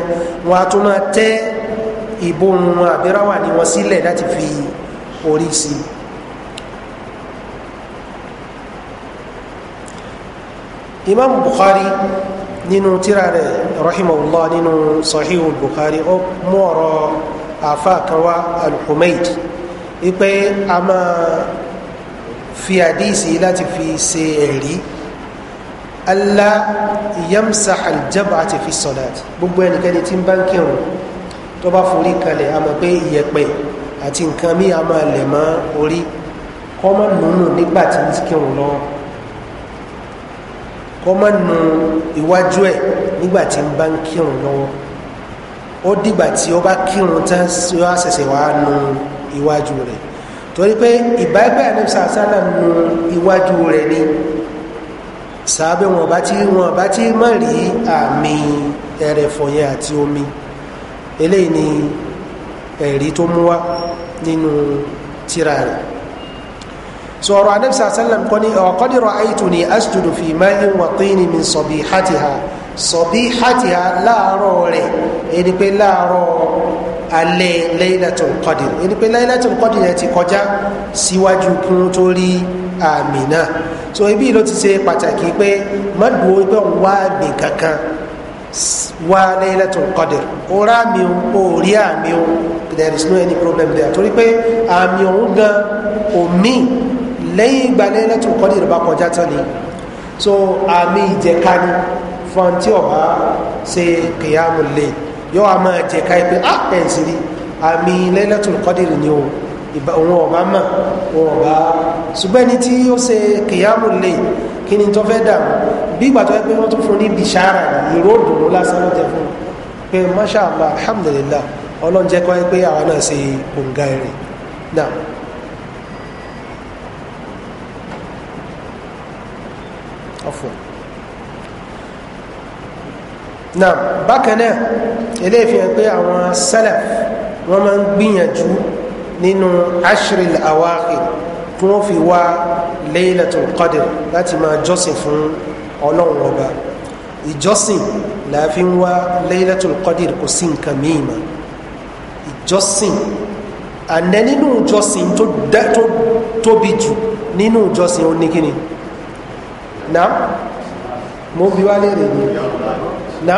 wọn a tún máa tẹ́ ìbòrùn àbíráwà ni wọn sílẹ̀ láti fi orí sí i. imam bukhari nínú tíra rẹ̀ rahimahullah nínú sahihu bukhari ó mú ọ̀rọ̀ àfa kan wá alhumaid wípé a máa fi àdíìsì láti fi ṣe ẹ̀rí allah yamsa aljaba àti fi sọ̀dát gbogbo ẹnikẹ́ni tí ń bá ń kírun tó bá forí kalẹ̀ a mọ̀ pé ìyẹ̀pẹ̀ àti nǹkan mí a máa lẹ̀ mọ́ orí kọ́mọ̀ nùnú kọ́ mọ́ nu iwájú ẹ̀ nígbà tí ń bá ń kírun lọ́wọ́ ó dìgbà tí ó bá kírun tán sí ó ṣẹ̀ṣẹ̀ wá nu iwájú rẹ̀ torí pé ìbágbé àdébísà sálà nu iwájú rẹ̀ ni sàábẹ̀ wọn bá tí wọn bá tí mọ̀ rí àmì ẹ̀rẹ̀fọ̀ yẹn àti omi eléyìí ni ẹ̀rí tó mú wá nínú tíra rẹ̀ sọ̀rọ̀ anabisa sallam kọ́ ni ọ̀kọ́dì ra'aytu ni asjudu fi ma'in wa tini min sabihatiha sabihatiha láàárọ̀ rẹ̀ ẹni pé láàárọ̀ alẹ́ laylatul qadr ẹni pé laylatul qadr yẹn ti kọjá síwájú kún tó rí àmì náà so ibi ló ti ṣe pàtàkì pé má pé òun wá gbìn kankan wá laylatul qadr ó mi ó rí àmì ó there is no any problem there torí pé àmì òun gan omi lẹ́yìn ìgbà Laylatul Qadr bá kọjá tán ni so àmì ìjẹ̀ka ni fún tí ọba ṣe qiyamul layl yóò wá máa jẹ̀ka ah, ẹ pé á ẹ̀ ń sì rí àmì Laylatul Qadr ni o òun ọba mà òun ọba ṣùgbọ́n ẹni tí ó ṣe qiyamul layl kí ni tó fẹ́ dààmú bí ìgbà tó yẹ pé wọ́n tún fún ní bìṣára ìró òdòdó lásán ló jẹ fún pé masha Allah alhamdulillah ọlọ́run kọ́ ẹ pé àwa náà ṣe òǹga ẹ̀rìn náà. ọ̀fọ̀ náà bákan náà eléyìí fi hàn pé àwọn sálà wọ́n máa ń gbìyànjú nínú ashril awakhir kí wọ́n fi wá laylatul qadr láti máa jọ́sìn fún ọlọ́run ọba ìjọ́sìn la fi ń wá laylatul qadr kò sí nǹkan míì mọ́ ìjọ́sìn àná nínú ìjọ́sìn tó tóbi jù nínú ìjọ́sìn ó na mo bí wá lè rè ní na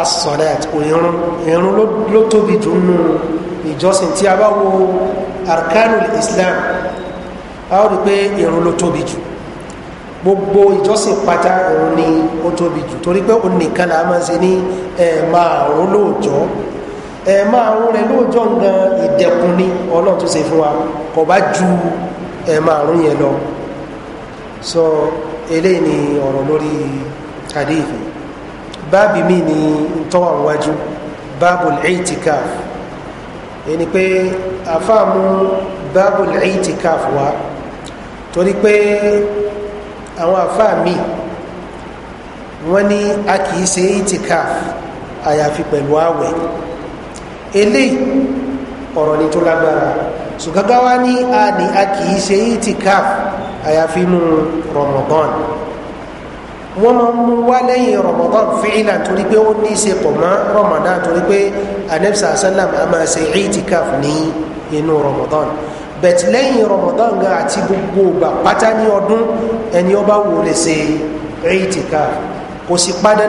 asọ̀lẹ́t kò irun irun ló tóbi jù nù ìjọsìn tí a bá wo arkanul islam a ó rí pé irun ló tóbi jù gbogbo ìjọsìn pátá òun ni ó tóbi jù torí pé òun nìkan là á máa ṣe ní ẹ̀ẹ̀márùn lóòjọ́ ẹ̀ẹ̀márùn rẹ̀ lóòjọ́ gan ìdẹ̀kùn ni ọlọ́run tó ṣe fún wa kò bá ju ẹ̀ẹ̀márùn yẹn lọ so eléyìí ni ọ̀rọ̀ lórí hadith báàbí mi ni tọ́wà wájú báàbù itikaf ẹni pé afamu báàbù itikaf wa tori pe awon àfáà mi wọ́n ní a kìí ṣe i'tikaf àyàfi pẹ̀lú àwẹ̀ eléyìí ọ̀rọ̀ ni tó lágbára ṣùgbọ́n gáwá ni a ni a kìí ṣe i'tikaf Ayafimu inú rọmọdán wọ́n máa ń mú wá lẹ́yìn rọmọdán torí pé ó ní í ṣe pọ̀ torí pé a ma se itikaf ní inú rọmọdán bẹ̀tì lẹ́yìn gan àti gbogbo gba pátá ní ọdún le se wò kò sì ni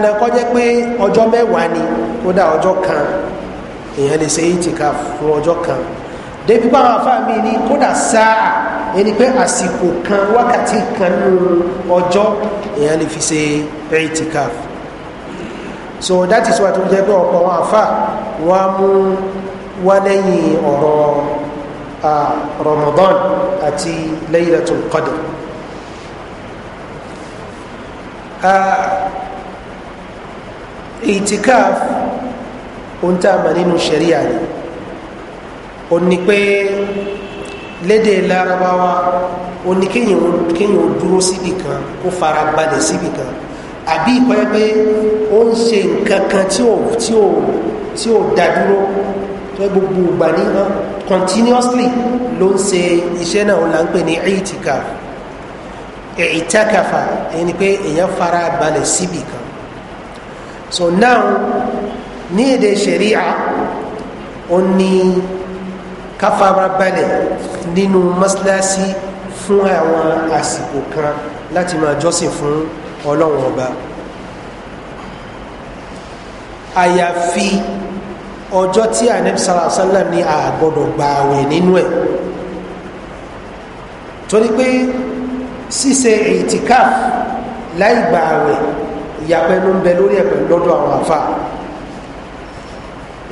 kan lè fún kan báwọn sáà ẹni pé àsìkò kan wákàtí kan nínú ọjọ́ èèyàn lè fi ṣe itikaf so that is what tó jẹ́ pé ọ̀pọ̀ wọn àfà wọn á mú wá lẹ́yìn ọ̀rọ̀ Ramadan àti Laylatul Qadr itikaf ohun tá a mọ̀ nínú ṣẹ̀ríà ni ó ní pé lédè larabawa ó ní kéèyàn ó dúró síbì kan kó fara balẹ̀ síbì kan àbí pẹ́pẹ́ ó ń ṣe nǹkan kan tí ò tí ò tí ò dá tó gbogbo ìgbà ní continuously ló ń ṣe iṣẹ́ náà ó là ń pè ní itikaf ìtakafa èyí ni pé èèyàn fara balẹ̀ síbì kan so now ní èdè sharia ó ní ká fara balẹ̀ nínú mọ́sálásí fún àwọn àsìkò kan láti máa jọ́sìn fún ọlọ́run ọba àyàfi ọjọ́ tí anabisala sallam ní àgbọ̀dọ̀ gbààwẹ̀ nínú ẹ̀ torí pé ṣíṣe ìtìkáf láì gbààwẹ̀ ìyàpẹnu ń bẹ lórí ẹ̀pẹ̀ lọ́dọ̀ àwọn àfa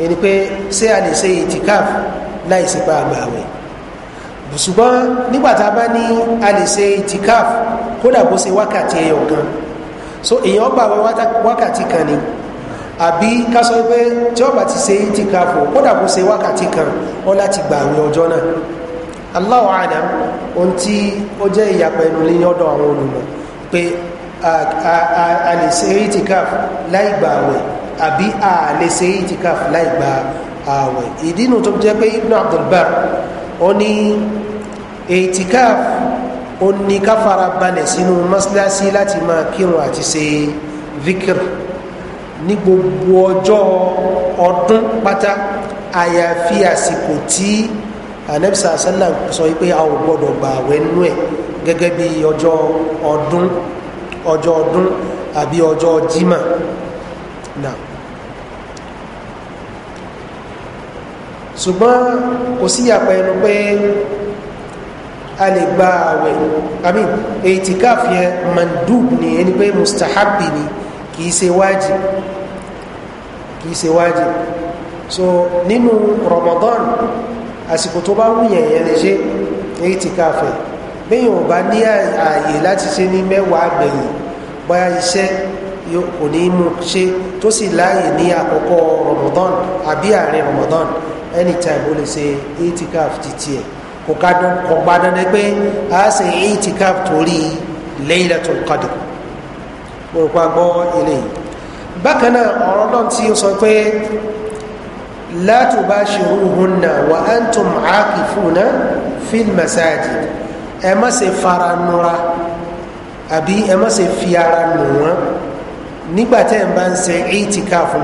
ẹni pé ṣé a lè ṣe ìtìkáf láìsí pa àgbà àwẹ̀ ṣùgbọ́n nígbàtà bá ní a lè ṣe itikaf kódà kó wákàtí ẹyọ so èèyàn gbà wẹ̀ wákàtí kan ni àbí ká pé tí ọba ti itikaf kódà kó wákàtí kan ọ láti gbà àwẹ̀ ọjọ́ náà aláwọ̀ ohun tí ó jẹ́ ìyàpẹ̀ lé ọ̀dọ̀ àwọn olùmọ̀ pé a lè ṣe itikaf láì gbà àbí àlè ṣe itikaf láì gba ààwẹ̀ ìdínú tó jẹ́ pé ibn abdulbar ó ní itikaf ó ní ká fara balẹ̀ sínú mọ́síláṣí láti máa kírun àti ṣe vikir ní gbogbo ọjọ́ ọdún pátá àyàfi àsìkò tí anabisa sallam sọ wípé a ò gbọdọ̀ gba àwẹ̀ nú ẹ̀ gẹ́gẹ́ bí ọjọ́ ọdún ọjọ́ ọdún àbí ọjọ́ jimá náà. ṣùgbọ́n kò sí yàpá ẹnu pé a lè gba àwẹ̀ àmì ètìkáf yẹn mandub ni ẹni pé mustahabi ni kìí ṣe wájì kìí ṣe wájì so nínú ramadan àsìkò tó bá wúyẹ̀ yẹn lè ṣe ètìkáf yẹn bẹ́yìn ò bá ní ààyè láti ṣe ní mẹ́wàá gbẹ̀yìn bóyá iṣẹ́ kò ní mú ṣe tó sì láàyè ní àkọ́kọ́ ramadan àbí àárín ramadan anytime ó lè ṣe itikaf títí ẹ̀ kò gbá dandan pé a ṣe itikaf torí laylatul qadr mo rò pa gbọ́ eléyìí bákan náà ọ̀rọ̀ náà tí ó sọ pé látùbá ṣerúhùnà wà á ń tún àákì fúnà fílmẹ̀sáàjì ẹ má ṣe fara nura àbí ẹ má ṣe fi ara nù wọ́n nígbà tẹ́ ẹ̀ bá ń ṣe eighty car fún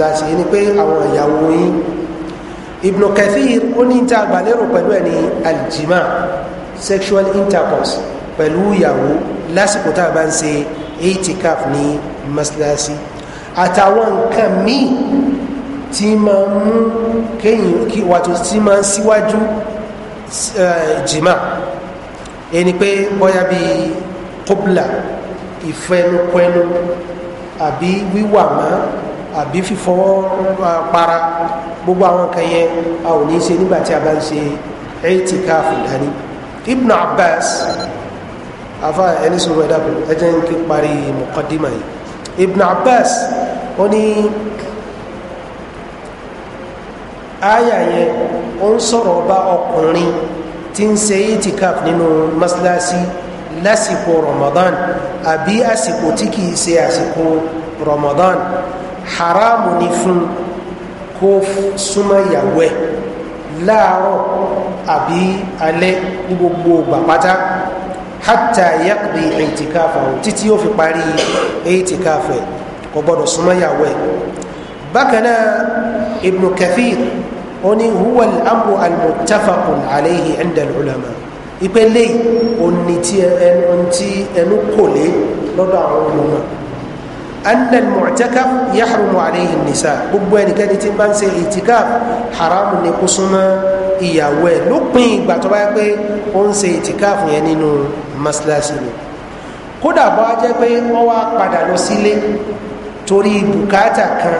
láti ẹni pé àwọn ìyàwó yín ibn kathir ó ní ta àgbàlérò pẹ̀lú ẹ̀ ní aljima sexual intercourse pẹ̀lú ìyàwó lásìkò tá a bá ń ṣe itikaf ní masilasi àtàwọn nǹkan míì tí máa ń mú kéyìn kí wàtò tí máa ń síwájú eh, jìmá ẹni pé bóyá bíi kóbla ìfẹnukẹnu àbí wíwà máa àbí fífọwọ́ para gbogbo àwọn kan yẹn a ò ní ṣe nígbà tí a bá ń ṣe i'tikaf dání ibn abbas afa ẹni sọ̀rọ̀ ẹ̀dá pẹ̀lú ẹjẹ́ ń kí parí muqaddima yìí ibn abbas ó ní aya yẹn ó ń sọ̀rọ̀ bá ọkùnrin tí ń ṣe i'tikaf nínú mọ́ṣáláṣí lásìkò ramadan àbí àsìkò tí kìí ṣe àsìkò ramadan haramu ni fún kó súnmọ́ ìyàwó ẹ̀ láàárọ̀ àbí alẹ́ ní gbogbo gbàpátá hátà yàkùbí ètìkáfà títí ó fi parí ètìkáfà kò gbọdọ̀ súnmọ́ ìyàwó ẹ̀ bákanáà ibn kathir oni huwa al-amru al-muttafaqun alayhi 'inda al-ulama ìpele oni tí ẹnu kò lé lọ́dọ̀ àwọn olùmọ̀ anna al-mu'takaf yahrumu alayhi an-nisa gbogbo ẹnikẹ́ni tí bá ń ṣe itikaf haramu ni kó súnmọ́ ìyàwó ẹ̀ lópin ìgbà tó bá yẹ pé ó ń ṣe itikaf yẹn nínú masilasi ni kódà bọ́ á jẹ́ pé wọ́n wá padà lọ sílé torí bùkátà kan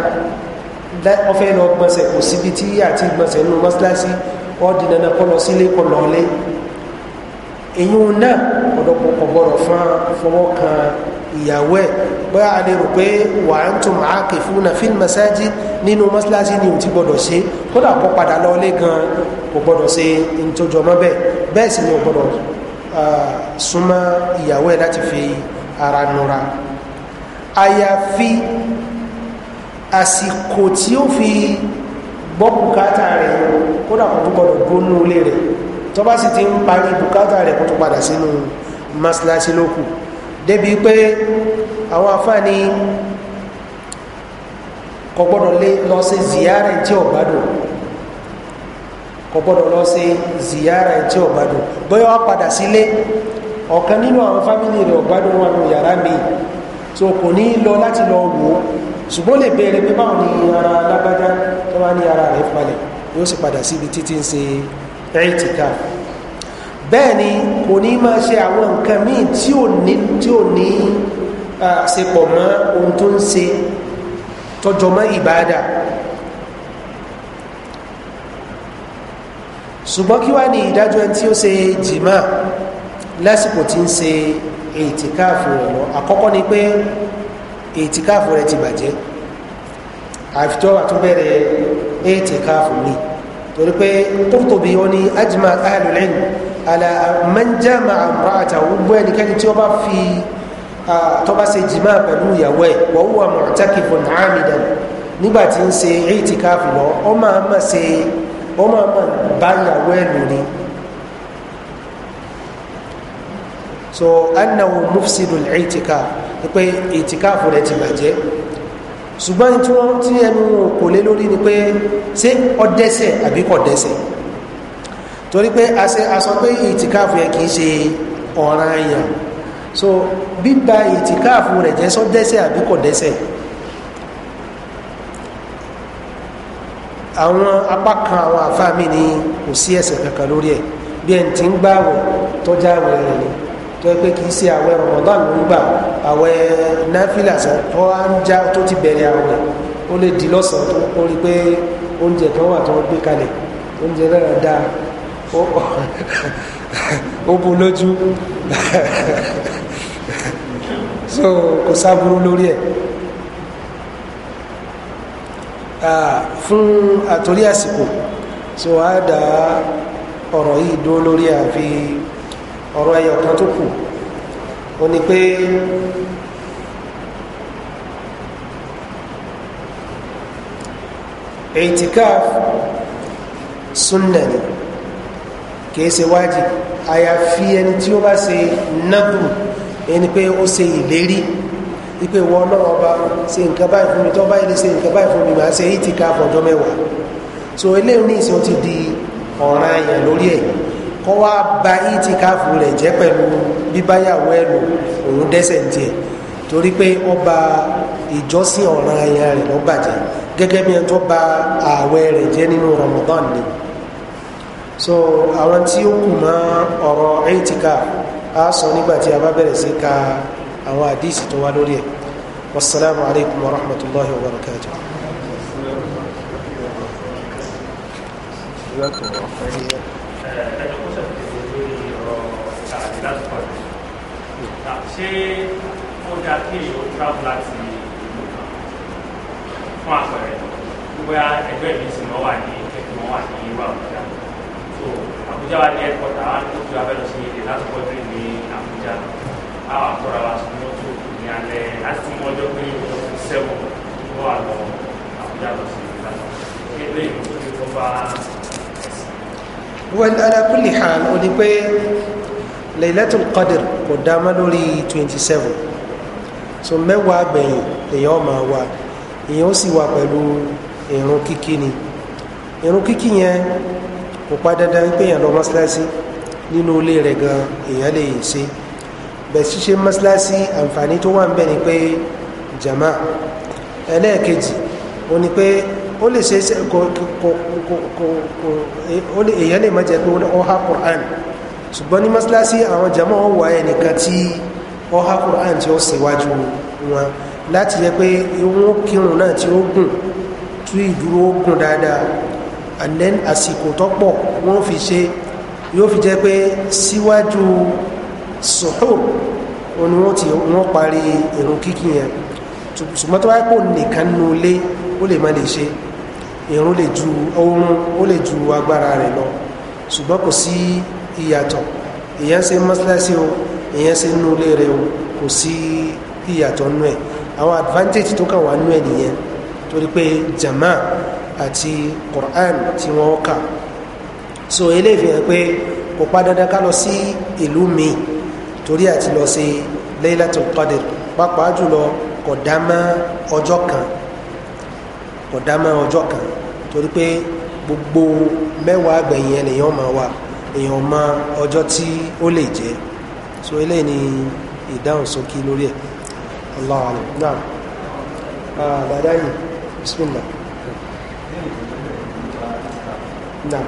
ọfẹ́ lọ gbọ̀nsẹ̀ kò síbi tí àti gbọ̀nsẹ̀ nínú masilasi ọdún dandan kọ́ lọ sílé kọ́ lọ́ọ́lé èyí náà ọ̀dọ́pọ̀ kọ̀ gbọ́dọ̀ fún fọwọ́ kan ìyàwó ẹ̀ bóyá a lè rò pé wà á ń tún màá kè fún una fíìmù mẹsáàjì nínú mọ́ṣáláṣí ni òun ti gbọ́dọ̀ ṣe kódà kó padà lọ́ọ́lé gan kò gbọ́dọ̀ ṣe ntòjọmọ́ bẹ́ẹ̀ bẹ́ẹ̀ sì ni ò gbọ́dọ̀ súnmọ́ ìyàwó ẹ̀ láti fi ara nura àyàfi àsìkò tí ó fi gbọ́ bùkátà rẹ̀ kódà kò tó gbọ́dọ̀ gbónú ilé rẹ̀ tó bá sì ti ń parí bùkátà rẹ̀ kó tó padà sínú mọ́ṣáláṣí lókù débi pé àwọn afáàní kò gbọ́dọ̀ lé lọ sí ziyara tí ò gbádùn kò gbọ́dọ̀ lọ sí ziyara tí ò gbádùn bóyá wọ́n padà sílé ọ̀kan nínú àwọn fámìlì rẹ̀ ò gbádùn wọn nù yàrá mi so kò ní lọ láti lọ wò ó ṣùgbọ́n lè béèrè pé báwo ni ara alágbádá tó wá ní ara rẹ̀ falẹ̀ yóò sì padà síbi títí ń ṣe ẹ̀ẹ́tìkáà bẹ́ẹ̀ ni kò ní máa ṣe àwọn nǹkan míì tí ò ní tí ò ní ṣe pọ̀ mọ́ ohun tó ń ṣe tọjọ mọ́ ìbáadà ṣùgbọ́n kí wá ní ìdájọ́ ẹni tí ó ṣe jìmá lásìkò tí ń ṣe ètìkáàfù rẹ̀ lọ àkọ́kọ́ ni pé ètìkáàfù rẹ̀ ti bàjẹ́ àfitọ́ àtúbẹ̀rẹ̀ ètìkáàfù mi torí pé tó tóbi ó ní ajima ahlul mẹ́njẹ́ máa ràtà gbogbo ẹnikẹ́ni tí ó bá fi tó bá ṣe jìmá pẹ̀lú ìyàwó ẹ̀ wọ́n wà mu'takifun amidan nígbà tí ń ṣe ìtìkáàfù lọ ó máa ma ṣe ó máa ma bá ìyàwó ẹ̀ lórí so annahu mufsidul ìtìkáàfù pé ìtìkáàfù rẹ̀ ti bàjẹ́ ṣùgbọ́n tí wọ́n ti ẹnu kò lé lórí ni pé ṣé ó dẹ́ṣẹ̀ àbí kò dẹ́ṣẹ̀ torí pé a sọ pé ìtìkáàfù yẹn kìí ṣe ọ̀ràn èèyàn so bíba ìtìkáàfù rẹ̀ jẹ́ sọ dẹ́sẹ̀ àbí kò dẹ́sẹ̀ àwọn apá kan àwọn ni kò sí ẹ̀sẹ̀ kankan lórí ẹ̀ bí ẹni tí ń gbà wọ̀ tọ́jà àwẹ̀ rẹ̀ ni tó yẹ pé kìí ṣe àwẹ̀ rọ̀mọ̀dán ló ń gbà àwẹ̀ tó ti bẹ̀rẹ̀ àwẹ̀ ó lè di lọ́sàn-án tó kórí pé oúnjẹ kan wà tó gbé ó bu lójú so kò sáburú lórí ẹ̀ fún àtòrí àsìkò so a dá ọ̀rọ̀ yìí dó lórí àfi ọ̀rọ̀ ẹyọ kan tó kù ó ní pé ètìkáf súnnà ni kìí ṣe wájib àyàfi ẹni tí ó bá ṣe nábù ẹni pé ó ṣe ìlérí ipe ìwọ ọlọ́run ọba ṣe nǹkan báyìí fún mi tó báyìí lè ṣe nǹkan báyìí fún mi màá ṣe ìtìká fọjọ́ mẹ́wàá so eléyìí ní ìsìn ó ti di ọ̀ràn àyàn lórí ẹ̀ kọ́ wá ba ìtìká fún rẹ̀ jẹ́ pẹ̀lú bíbáyàwó ẹ̀ òun dẹ́sẹ̀ ń tiẹ̀ torí pé ó ba ìjọsìn ọ̀ràn àyàn rẹ̀ lọ́bàjẹ́ gẹ́gẹ́ bí ẹni tó ba ààwẹ̀ rẹ̀ jẹ́ nínú Ramadan ni so àwọn tí ó kù mọ́ ọ̀rọ̀ etika a sọ nígbà tí a bá bẹ̀rẹ̀ sí ka àwọn àdísì tó wá lórí ẹ̀ wasalaamu alaykum wa rahmatulahi wa barakatuh. ṣé ó dáa kí èèyàn travel láti ìlú kan fún àpẹẹrẹ bóyá ẹgbẹ́ mi sì mọ́ wà ní ẹgbẹ́ wọn wà ní irú àbújá Abuja wa ní airport àwọn àdúgbò abẹ́ lọ sí ilé láti pọ̀ three ní Abuja àwọn àkọ́ra wa sí mọ́tò ní alẹ́ láti tún mọ́ ọjọ́ pé ọjọ́ fún seven wọ́n wà lọ Abuja lọ sí ilé láti ala kulli hal ó ní Laylatul Qadr kò dá mọ́ so mẹ́wàá gbẹ̀yìn èèyàn máa wà èèyàn ó sì wà pẹ̀lú ìrun kíkí ni ìrun kíkí yẹn kò pa dandan pé èèyàn lọ mọ́ṣáláṣí nínú ilé rẹ̀ gan èèyàn lè ṣe bẹ̀ẹ̀ ṣíṣe mọ́ṣáláṣí àǹfààní tó wà ń bẹ̀ ni pé jama ẹlẹ́ẹ̀kejì ó ní pé ó lè ṣe kò kò kò kò èèyàn lè má jẹ́ pé ó há quran ṣùgbọ́n ní mọ́ṣáláṣí àwọn jama ó wà ẹnìkan tí ó há quran tí ó ṣèwájú wọn láti yẹ pé ìwọ̀n kírun náà tí ó gùn tú ìdúró gùn dáadáa and then àsìkò tó pọ̀ wọ́n fi ṣe yóò fi jẹ́ pé síwájú sùhúr òun wọ́n ti wọ́n parí ìrun kíkí yẹn ṣùgbọ́n tó bá pò nìkan nu ilé ó lè má lè ṣe ìrun lè ju oorun ó lè ju agbára rẹ̀ lọ ṣùgbọ́n kò sí ìyàtọ̀ èèyàn ṣe mọ́ṣáláṣí o èèyàn ṣe nu ilé rẹ̀ o kò sí ìyàtọ̀ nú ẹ̀ àwọn advantage tó kàn wá nú ẹ̀ nìyẹn torí pé jama àti quran tí wọ́n kà so eléyìí fi hàn pé kò pa dandan ká lọ sí ìlú mi torí àti lọ sí laylatul qadr pàápàá jùlọ kò dá mọ́ ọjọ́ kan kò dá mọ́ ọjọ́ kan torí pé gbogbo mẹ́wàá gbẹ̀yìn ènìyàn máa wà èèyàn mọ ọjọ́ tí ó lè jẹ́ so eléyìí ni ìdáhùn sókí lórí ẹ̀ allah alam naam ah yìí bisimilah náà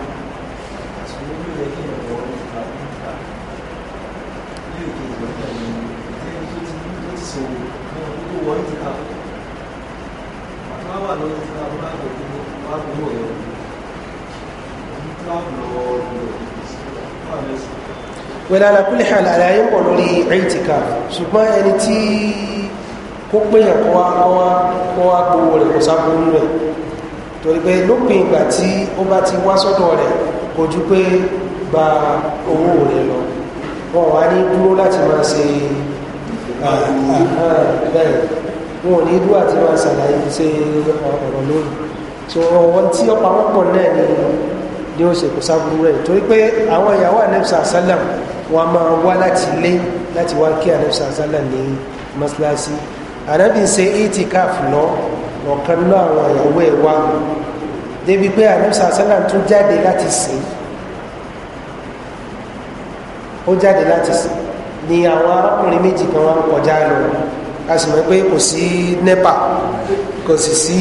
wẹ́lá alákùnlé hàn àlàyé ń bọ̀ lórí ẹ̀yìtìká ṣùgbọ́n ẹni tí kó pèyàn kọ́ wá gbogbo rẹ̀ kò sábò rẹ̀ torí pé lópin ìgbà tí ó bá ti wá sọ́dọ̀ rẹ̀ kò ju pé gba owó rẹ̀ lọ wọn wá ní dúró láti máa ṣe bẹ́ẹ̀ wọn ò ní dúró àti máa ṣàlàyé ṣe ọ̀rọ̀ lórí so wọn tí ọ̀pọ̀ àwọn pọ̀ náà ni ni ó ṣe kò sáburú rẹ̀ torí pé àwọn ìyàwó anẹ́bùsà sálàm wọn máa wá láti ilé láti wá kí anẹ́bùsà sálàm ní mọ́ṣáláṣí ànábì ń ṣe eighty calf lọ ọ̀kan náà àwọn ìyàwó ẹ̀ wá débi pé àlùsà sálà tún jáde láti sìn ó jáde láti sìn ni àwọn arákùnrin méjì kan wọn kọjá lọ a sì mọ̀ pé kò sí nepa kò sì sí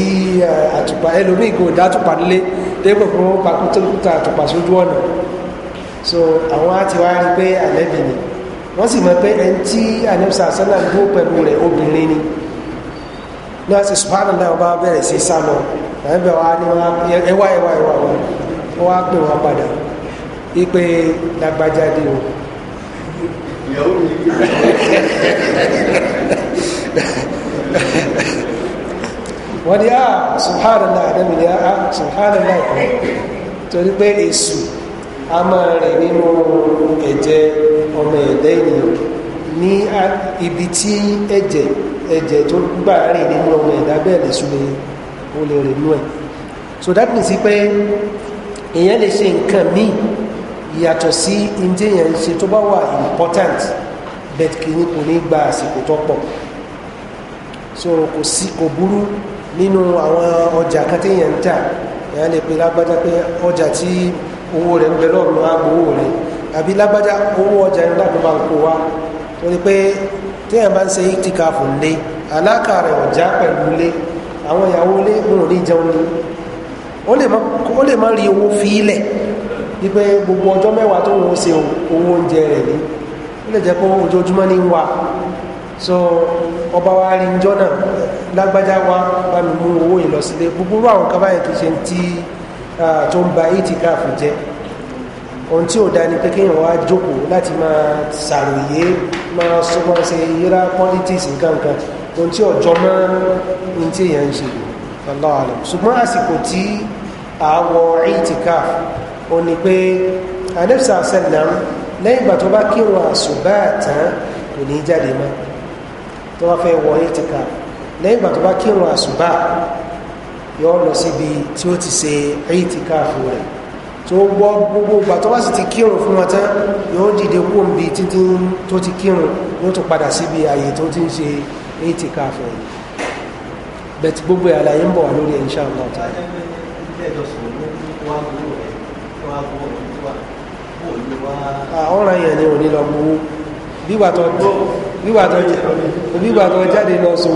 àtùpà ẹlòmíì kò dá àtùpà nílé dépò fún pàkútà àtùpà sójú ọ̀nà so àwọn àti wá rí pé àlẹ́bì ni wọ́n sì mọ̀ pé ẹni tí àlẹ́bì sàṣánà dúró pẹ̀lú rẹ̀ obìnrin ni. So, náà sì eh, eh, [LAUGHS] subhanallah ọba bẹ̀rẹ̀ sí sá lọ ẹ̀bẹ̀ ni ẹwà ẹwà ẹwà wọn wọ́n pè padà ipe o wọ́n dị ah subhanallah àdẹ́mi ní ah torí pé èsù a máa rìn nínú ẹ̀jẹ̀ ọmọ ẹ̀dẹ́ ènìyàn ní ibi ẹ̀jẹ̀ tó gbà rìn nínú ọmọ ẹ̀dá bẹ́ẹ̀ lè súnlé lè rìn nú ẹ̀ so that means pé èèyàn lè ṣe nǹkan míì yàtọ̀ sí ǹjẹ́ èèyàn ń ṣe tó bá wà important bẹ́ẹ̀ kì í kò ní gba àsìkò tó pọ̀ so kò sí kò burú nínú àwọn ọjà kan téèyàn ń tà èèyàn lè pe lágbájá pé ọjà tí owó rẹ̀ ń bẹ lọ́rùn á gbowó rẹ̀ àbí lágbájá owó ọjà ńlá ló máa ń kó wa torí pé téèyàn bá ń ṣe ìtìkáfù lé aláka rẹ̀ ọ̀já pẹ̀lú lé àwọn ìyàwó lé wọn ò ní jẹun ni ó lè má rí owó fi ilẹ̀ wípé gbogbo ọjọ́ mẹ́wàá tó ń ṣe owó oúnjẹ rẹ̀ ní ó lè jẹ́ pé ojoojúmọ́ ní wa so ọba wa rí ń jọ́nà lágbájá wa bá mi mú owó ìlọsílẹ̀ gbogbo àwọn kábàyẹ̀ kì ṣe ti tó ń ba ìtìkáfù jẹ́ ohun tí ò da ni pé kéèyàn wá jókòó láti máa ṣàròyé máa sọmọ ṣe yíra politics nǹkan kan ohun tí ọjọ́ máa ń tí èèyàn ń ṣe Allahu alam ṣùgbọ́n àsìkò tí àwọ̀ itikaf ó ní pé anẹ́bísà sẹ́lẹ̀m lẹ́yìn ìgbà tó bá kírun àṣùbá tán kò ní jáde mọ́ tó bá fẹ́ wọ itikaf lẹ́yìn ìgbà tó bá kírun àṣùbá yóò lọ síbi tí ó ti ṣe itikaf rẹ̀ tó gbọ́ gbogbo ìgbà tó bá sì ti kírun fún wọn tán yóò dìde kó ń bi títí tó ti kírun yóò tún padà síbi ààyè tó ti ń ṣe eighty káfẹ́ yìí bẹ́ẹ̀ tí gbogbo àlàyé ń bọ̀ wá lórí insha Allah ta'ala. ọ̀ràn yẹn ni òní lọ gbowó bíwà tó jáde lọ sọ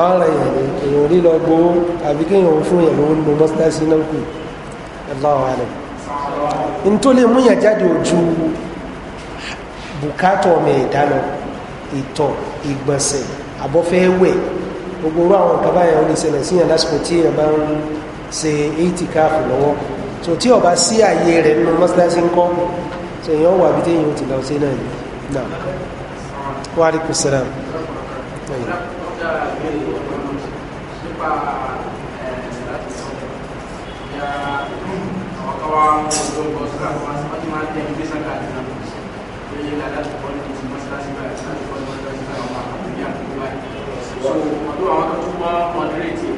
ààrẹ èèyàn rí lọ gbowó àbí kéèyàn fún èèyàn lówó nínú mọ́síláṣí náà kù ẹ̀láwọ̀ àlẹ́ n tó lè múyàn jáde ojú bùkátọ̀ ọmọ ẹ̀dá ìtọ̀ ìgbọ̀nsẹ̀ àbọ̀fẹ́ wẹ̀ gbogbo orú àwọn nǹkan báyẹn lè ṣẹlẹ̀ síyàn lásìkò tí bá ń ṣe eighty lọ́wọ́ so tí ọba sí àyè rẹ̀ nínú mọ́síláṣí ń kọ́ so èèyàn wà bí téèyàn ti lọ sí náà dára gbé ọ̀nà nípa láti sọ ìyá àwọn kan wá ń wọ́n tó ń bọ̀ sílá wọn sí wọ́n máa ń tẹ̀ gbé sáka àti náà tó yẹ ká láti kọ́ ní ti mọ́síláṣí báyìí láti kọ́ ní mọ́síláṣí báyìí wọn àkókò ní àkókò báyìí. so ọdún àwọn tó tún wọ́n mọ̀dírètì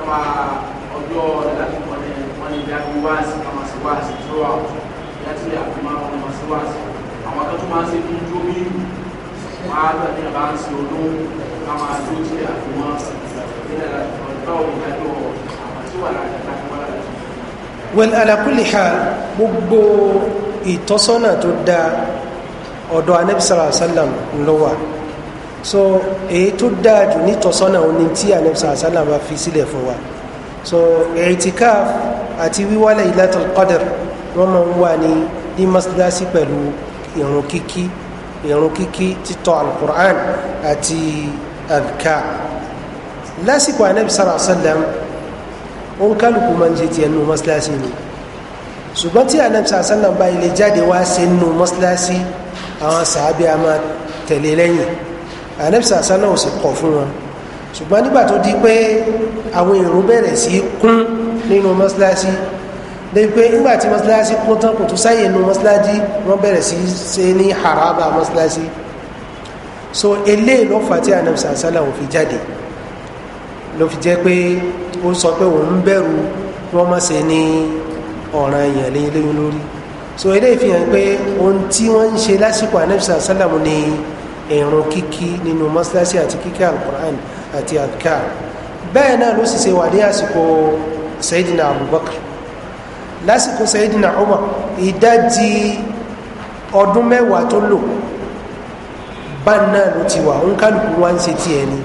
ẹ máa ọjọ́ láti kọ́ ní wọ́n ní ìdájú wáàsì àwọn sí wáàsì tó wà yàtí àkùnmá wọn sí wáàsì àwọn tó tún wọn á lọ nígbà bá ń sin olóhùn ká máa ló jẹ àfihàn ìpínlẹ̀ ọjọ́ ìdájọ́ àwọn tí wà láti gbogbo ìtọ́sọ́nà tó dáa ọ̀dọ̀ anabisara asalam ló so èyí tó dáa jù nítọ́sọ́nà òní tí anabisara asalam bá fi sílẹ̀ fún wa so ẹ̀ẹ́tìkáf àti wíwálẹ̀ ìlàtọ̀ kọ́dẹ̀r wọ́n máa ń wà ní ní mọ́síláṣí pẹ̀lú ìrùn kíkí ìrun kíkí títọ́ alukur'an àti alka lásìkò anabi sallallahu alayhi wa sallam òun kálukú máa ń ṣe tiẹ̀ nù mọ́ṣáláṣí ni ṣùgbọ́n tí anabi sallallahu alayhi wa sallam bá ilé jáde wá ṣe nù mọ́ṣáláṣí àwọn sàábì a máa tẹ̀lé lẹ́yìn anabi sallallahu sallam ò sì kọ̀ fún wọn ṣùgbọ́n nígbà tó di pé àwọn èrò bẹ̀rẹ̀ sí kún nínú mọ́ṣáláṣí lẹ́yìn pé nígbà tí mọ́sálásí kún tán kò tún sáyè nu mọ́sálásí wọ́n bẹ̀rẹ̀ sí ṣe ní haraba mọ́sálásí so eléyìí ló fà tí anabi sàlá òun fi jáde ló fi jẹ́ pé ó sọ pé òun ń bẹ̀rù wọ́n má ṣe ní ọ̀ràn èèyàn lẹ́yìn lórí so eléyìí fi hàn pé ohun tí wọ́n ń ṣe lásìkò anabi sàlá òun ni ẹ̀rùn kíkí nínú mọ́sálásí àti kíkí alukur'an àti adkar bẹ́ẹ̀ náà ló sì ṣe wà ní àsìkò sayidina abubakar lásìkò sayidina Umar ìdajì ọdún mẹ́wàá tó lò báà náà ló ti wà ń kálukú wá ń ṣe tiẹ̀ ni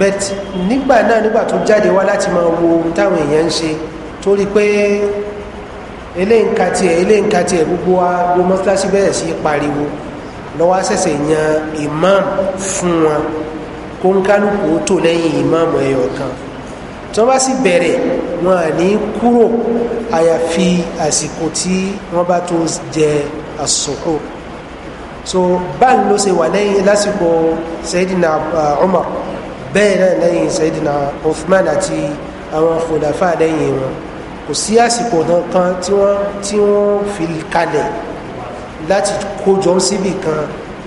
bet nígbà náà nígbà tó jáde wá láti máa wo ohun táwọn èèyàn ń ṣe torí pé eléǹka tiẹ̀ eléǹka tiẹ̀ gbogbo wa ló mọ́sálásí bẹ̀rẹ̀ sí pariwo lọ́wọ́ àṣẹ̀ṣẹ̀ yan imam fún wọn kó ń kálukú tó lẹ́yìn imam ẹyọ kan tí wọ́n bá sì bẹ̀rẹ̀ wọn à ní kúrò àyàfi àsìkò tí wọ́n bá tó jẹ àsòkò so báyìí ló ṣe wà lẹ́yìn lásìkò sayidina uh, umar bẹ́ẹ̀ náà lẹ́yìn sayidina uthman àti àwọn kòdàfà lẹ́yìn wọn kò sí àsìkò kan tí wọ́n tí wọ́n fi kalẹ̀ láti kójọ síbì kan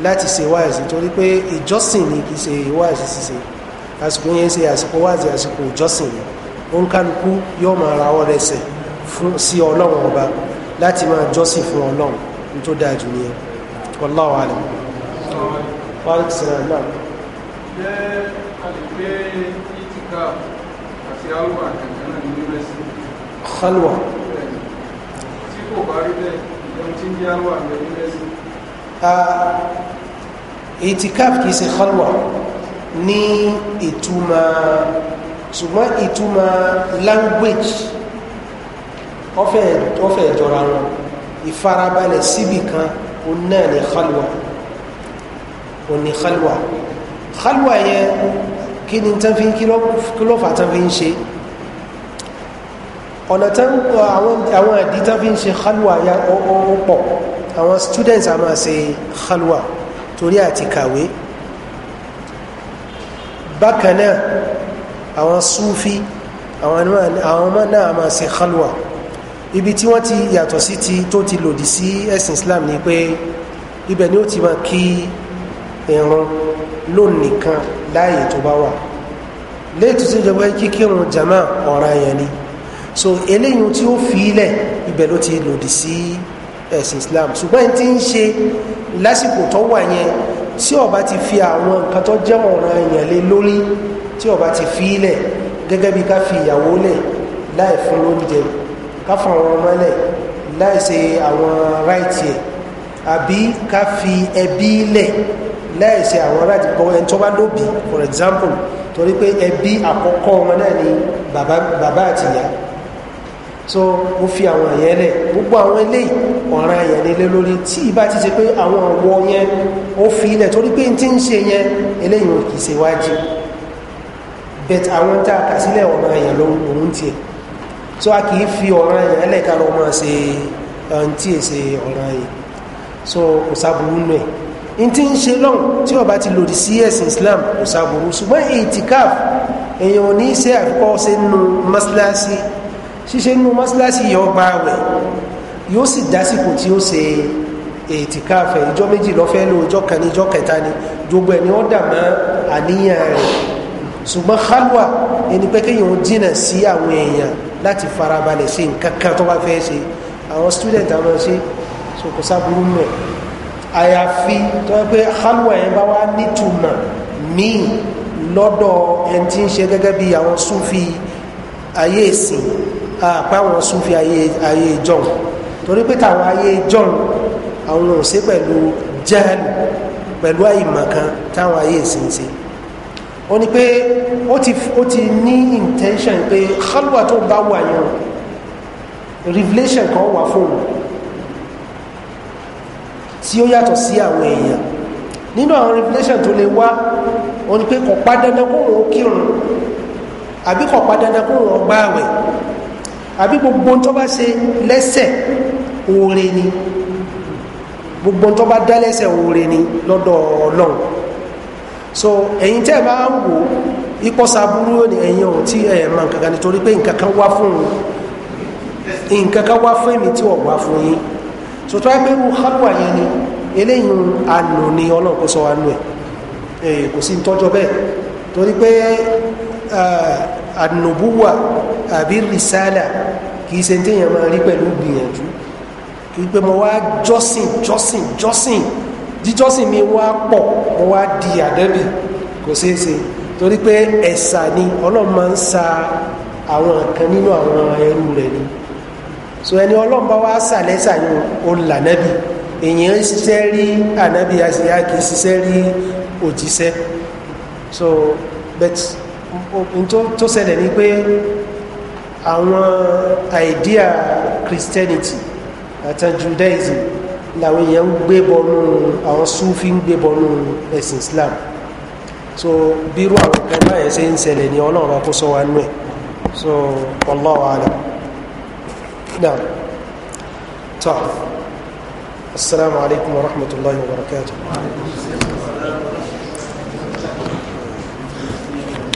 láti ṣe wáàsí torí pé ìjọsìn ni kì í ṣe wáàsí ṣiṣẹ́ àsìkò yẹn ṣe àsìkò wáàzì àsìkò ìjọsìn ni òun kálukú yóò máa ra ọ̀rẹ́ ẹsẹ̀ fún sí ọlọ́run ọba láti máa jọ́sìn fún ọlọ́run ní tó dáa jù nìyẹn wallahu alam. wàhálà sinayi náà. ṣé a lè gbé itika àti alwa kankan náà ní yunifásitì. halwa. tí kò bá rí bẹ́ẹ̀ ìyẹn ti ń di alwa ní yunifásitì. Ah, itikaf kì í ṣe halwa ní ìtumọ̀ ṣùgbọ́n ìtumọ̀ language ọfẹ́ ìjọra wọn ìfarabalẹ̀ síbì kan o náà ní khalwa o ní khalwa khalwa yẹn kí ni tán fi kí ló fà tán fi ń ṣe ọ̀nà tán àwọn àdí tán fi ń ṣe khalwa ya ó pọ̀ àwọn students a máa ṣe khalwa torí àti kàwé bákan náà àwọn súfí àwọn náà máa ṣe khalwa ibi tí wọ́n ti yàtọ̀ sí ti tó ti lòdì sí ẹ̀sìn islam ni pé ibẹ̀ ni ó ti máa kí irun lónìkan láàyè tó bá wà léètò tó jẹ́ kíkírun jama ọ̀ràn yẹn ni so eléyìí tí ó fi ilẹ̀ ibẹ̀ ló ti lòdì sí ẹ̀sìn islam ṣùgbọ́n tí ń ṣe lásìkò tó wà yẹn tí ọba ti fi àwọn nǹkan tó jẹ́ ọ̀ràn èèyàn lé lórí tí ọba ti fi ilẹ̀ gẹ́gẹ́ bí ká fi ìyàwó lẹ̀ láì fún lóúnjẹ ká fún àwọn ọmọ lẹ̀ láì ṣe àwọn ráìtì ẹ̀ àbí ká fi ẹbí lẹ̀ láì ṣe àwọn ráìtì kọ ẹni tó bá lóbi for example torí pé ẹbí àkọ́kọ́ wọn náà ni bàbá àti ìyá so ó fi àwọn yẹn lẹ̀ gbogbo àwọn eléyìí ọ̀ràn yẹn nílé lórí tí ìbá ti ṣe pé àwọn ọ̀wọ́ yẹn ó fi ilẹ̀ torí pé n ti ń ṣe yẹn eléyìí ò kì bẹ̀t àwọn tá a kà sílẹ̀ ọ̀ràn yẹn lòún tiẹ̀ so a kì í fi ọ̀ràn yẹn lẹ́ka lọ́ máa ṣe ẹni tí èsè ọ̀ràn yẹn so kò sábúrú nù ẹ̀ n ti ń ṣe lọ́hùn tí ọba ti lòdì sí ẹ̀sìn islam kò sábúrú ṣùgbọ́n èyí ti káàf èèyàn ò ní í ṣe àfikọ́ nínú mọ́ṣáláṣí ṣíṣe nínú mọ́síláṣí yọ gba àwẹ̀ yóò sì dásìkò tí ó ṣe ètìkáfẹ̀ ìjọ méjì lọ́fẹ́ ló ọjọ́ kan ní ọjọ́ kẹta ni gbogbo ẹ̀ ni ó dà mọ́ àníyàn rẹ̀ ṣùgbọ́n khalwa ẹni pé kéèyàn ó jìnà sí àwọn èèyàn láti farabalẹ̀ sí nǹkan kan tó bá fẹ́ ṣe àwọn student àwọn ṣe kò sábúrú mẹ́ àyàfi tó yẹ pé khalwa yẹn bá wá nítumọ̀ míì lọ́dọ̀ ẹni tí ń ṣe gẹ́gẹ́ bí àwọn súfi ayé ìsìn àpá àwọn súnfì ayé ìjọun torí pé táwọn ayé ìjọun àwọn ò sí pẹ̀lú jẹ́hẹ́lì pẹ̀lú àìmọ̀kan táwọn ayé ìsìn ṣe ó ní pé ó ti ó ní intention pé khalwa tó bá wà yẹn revelation kan wà fún un tí ó yàtọ̀ sí àwọn èèyàn nínú àwọn revelation tó lè wá ó ní pé kò pa dandan kó wọn kírun àbí kò dandan kó wọn ó àbí gbogbo tó bá ṣe lẹ́sẹ̀ oore ni gbogbo tó bá dá lẹ́sẹ̀ oore ni lọ́dọ̀ ọlọ́run so ẹ̀yin tẹ́ ẹ máa ń wò ìpọ́sà burú ni ẹ̀yin ò tí ẹ̀ máa nǹkan kan nítorí pé nǹkan kan wá fún un nǹkan kan wá fún èmi tí wọ́n wá fún yín so tó ẹgbẹ́ irú hápò àyẹn ni eléyìí ànú ni ọlọ́run kó sọ wa nù ẹ̀ kò sí ń tọ́jọ́ bẹ́ẹ̀ torí pé ànùbúwà àbí rìsálà kìí ṣe téèyàn máa rí pẹ̀lú gbìyànjú kìí pé mo wá jọ́sìn jọ́sìn jọ́sìn jíjọ́sìn mi wá pọ̀ mo wá di àdẹ́bì kò ṣeé ṣe torí pé ẹ̀sà ni ọlọ́run máa ń sa àwọn kan nínú àwọn ẹrú rẹ̀ ni so ẹni ọlọ́run bá wá sà lẹ́sà yìí ó là nẹ́bì èyàn ṣiṣẹ́ rí ànábì àṣìyá kìí ṣiṣẹ́ rí òjíṣẹ́ so but tó ṣẹlẹ̀ ni pé àwọn àìdíà christianity àti judaism làwọn èèyàn ń gbé bọnú àwọn sufi ń gbé bọnú ẹ̀sìn islam so bírú àwọn kan báyẹn ṣe ń ṣẹlẹ̀ ní ọlọ́run akóso wa nú ẹ̀ so wallahu alam náà tọ́ assalamu alaikum wa rahmatullahi wa barakatuh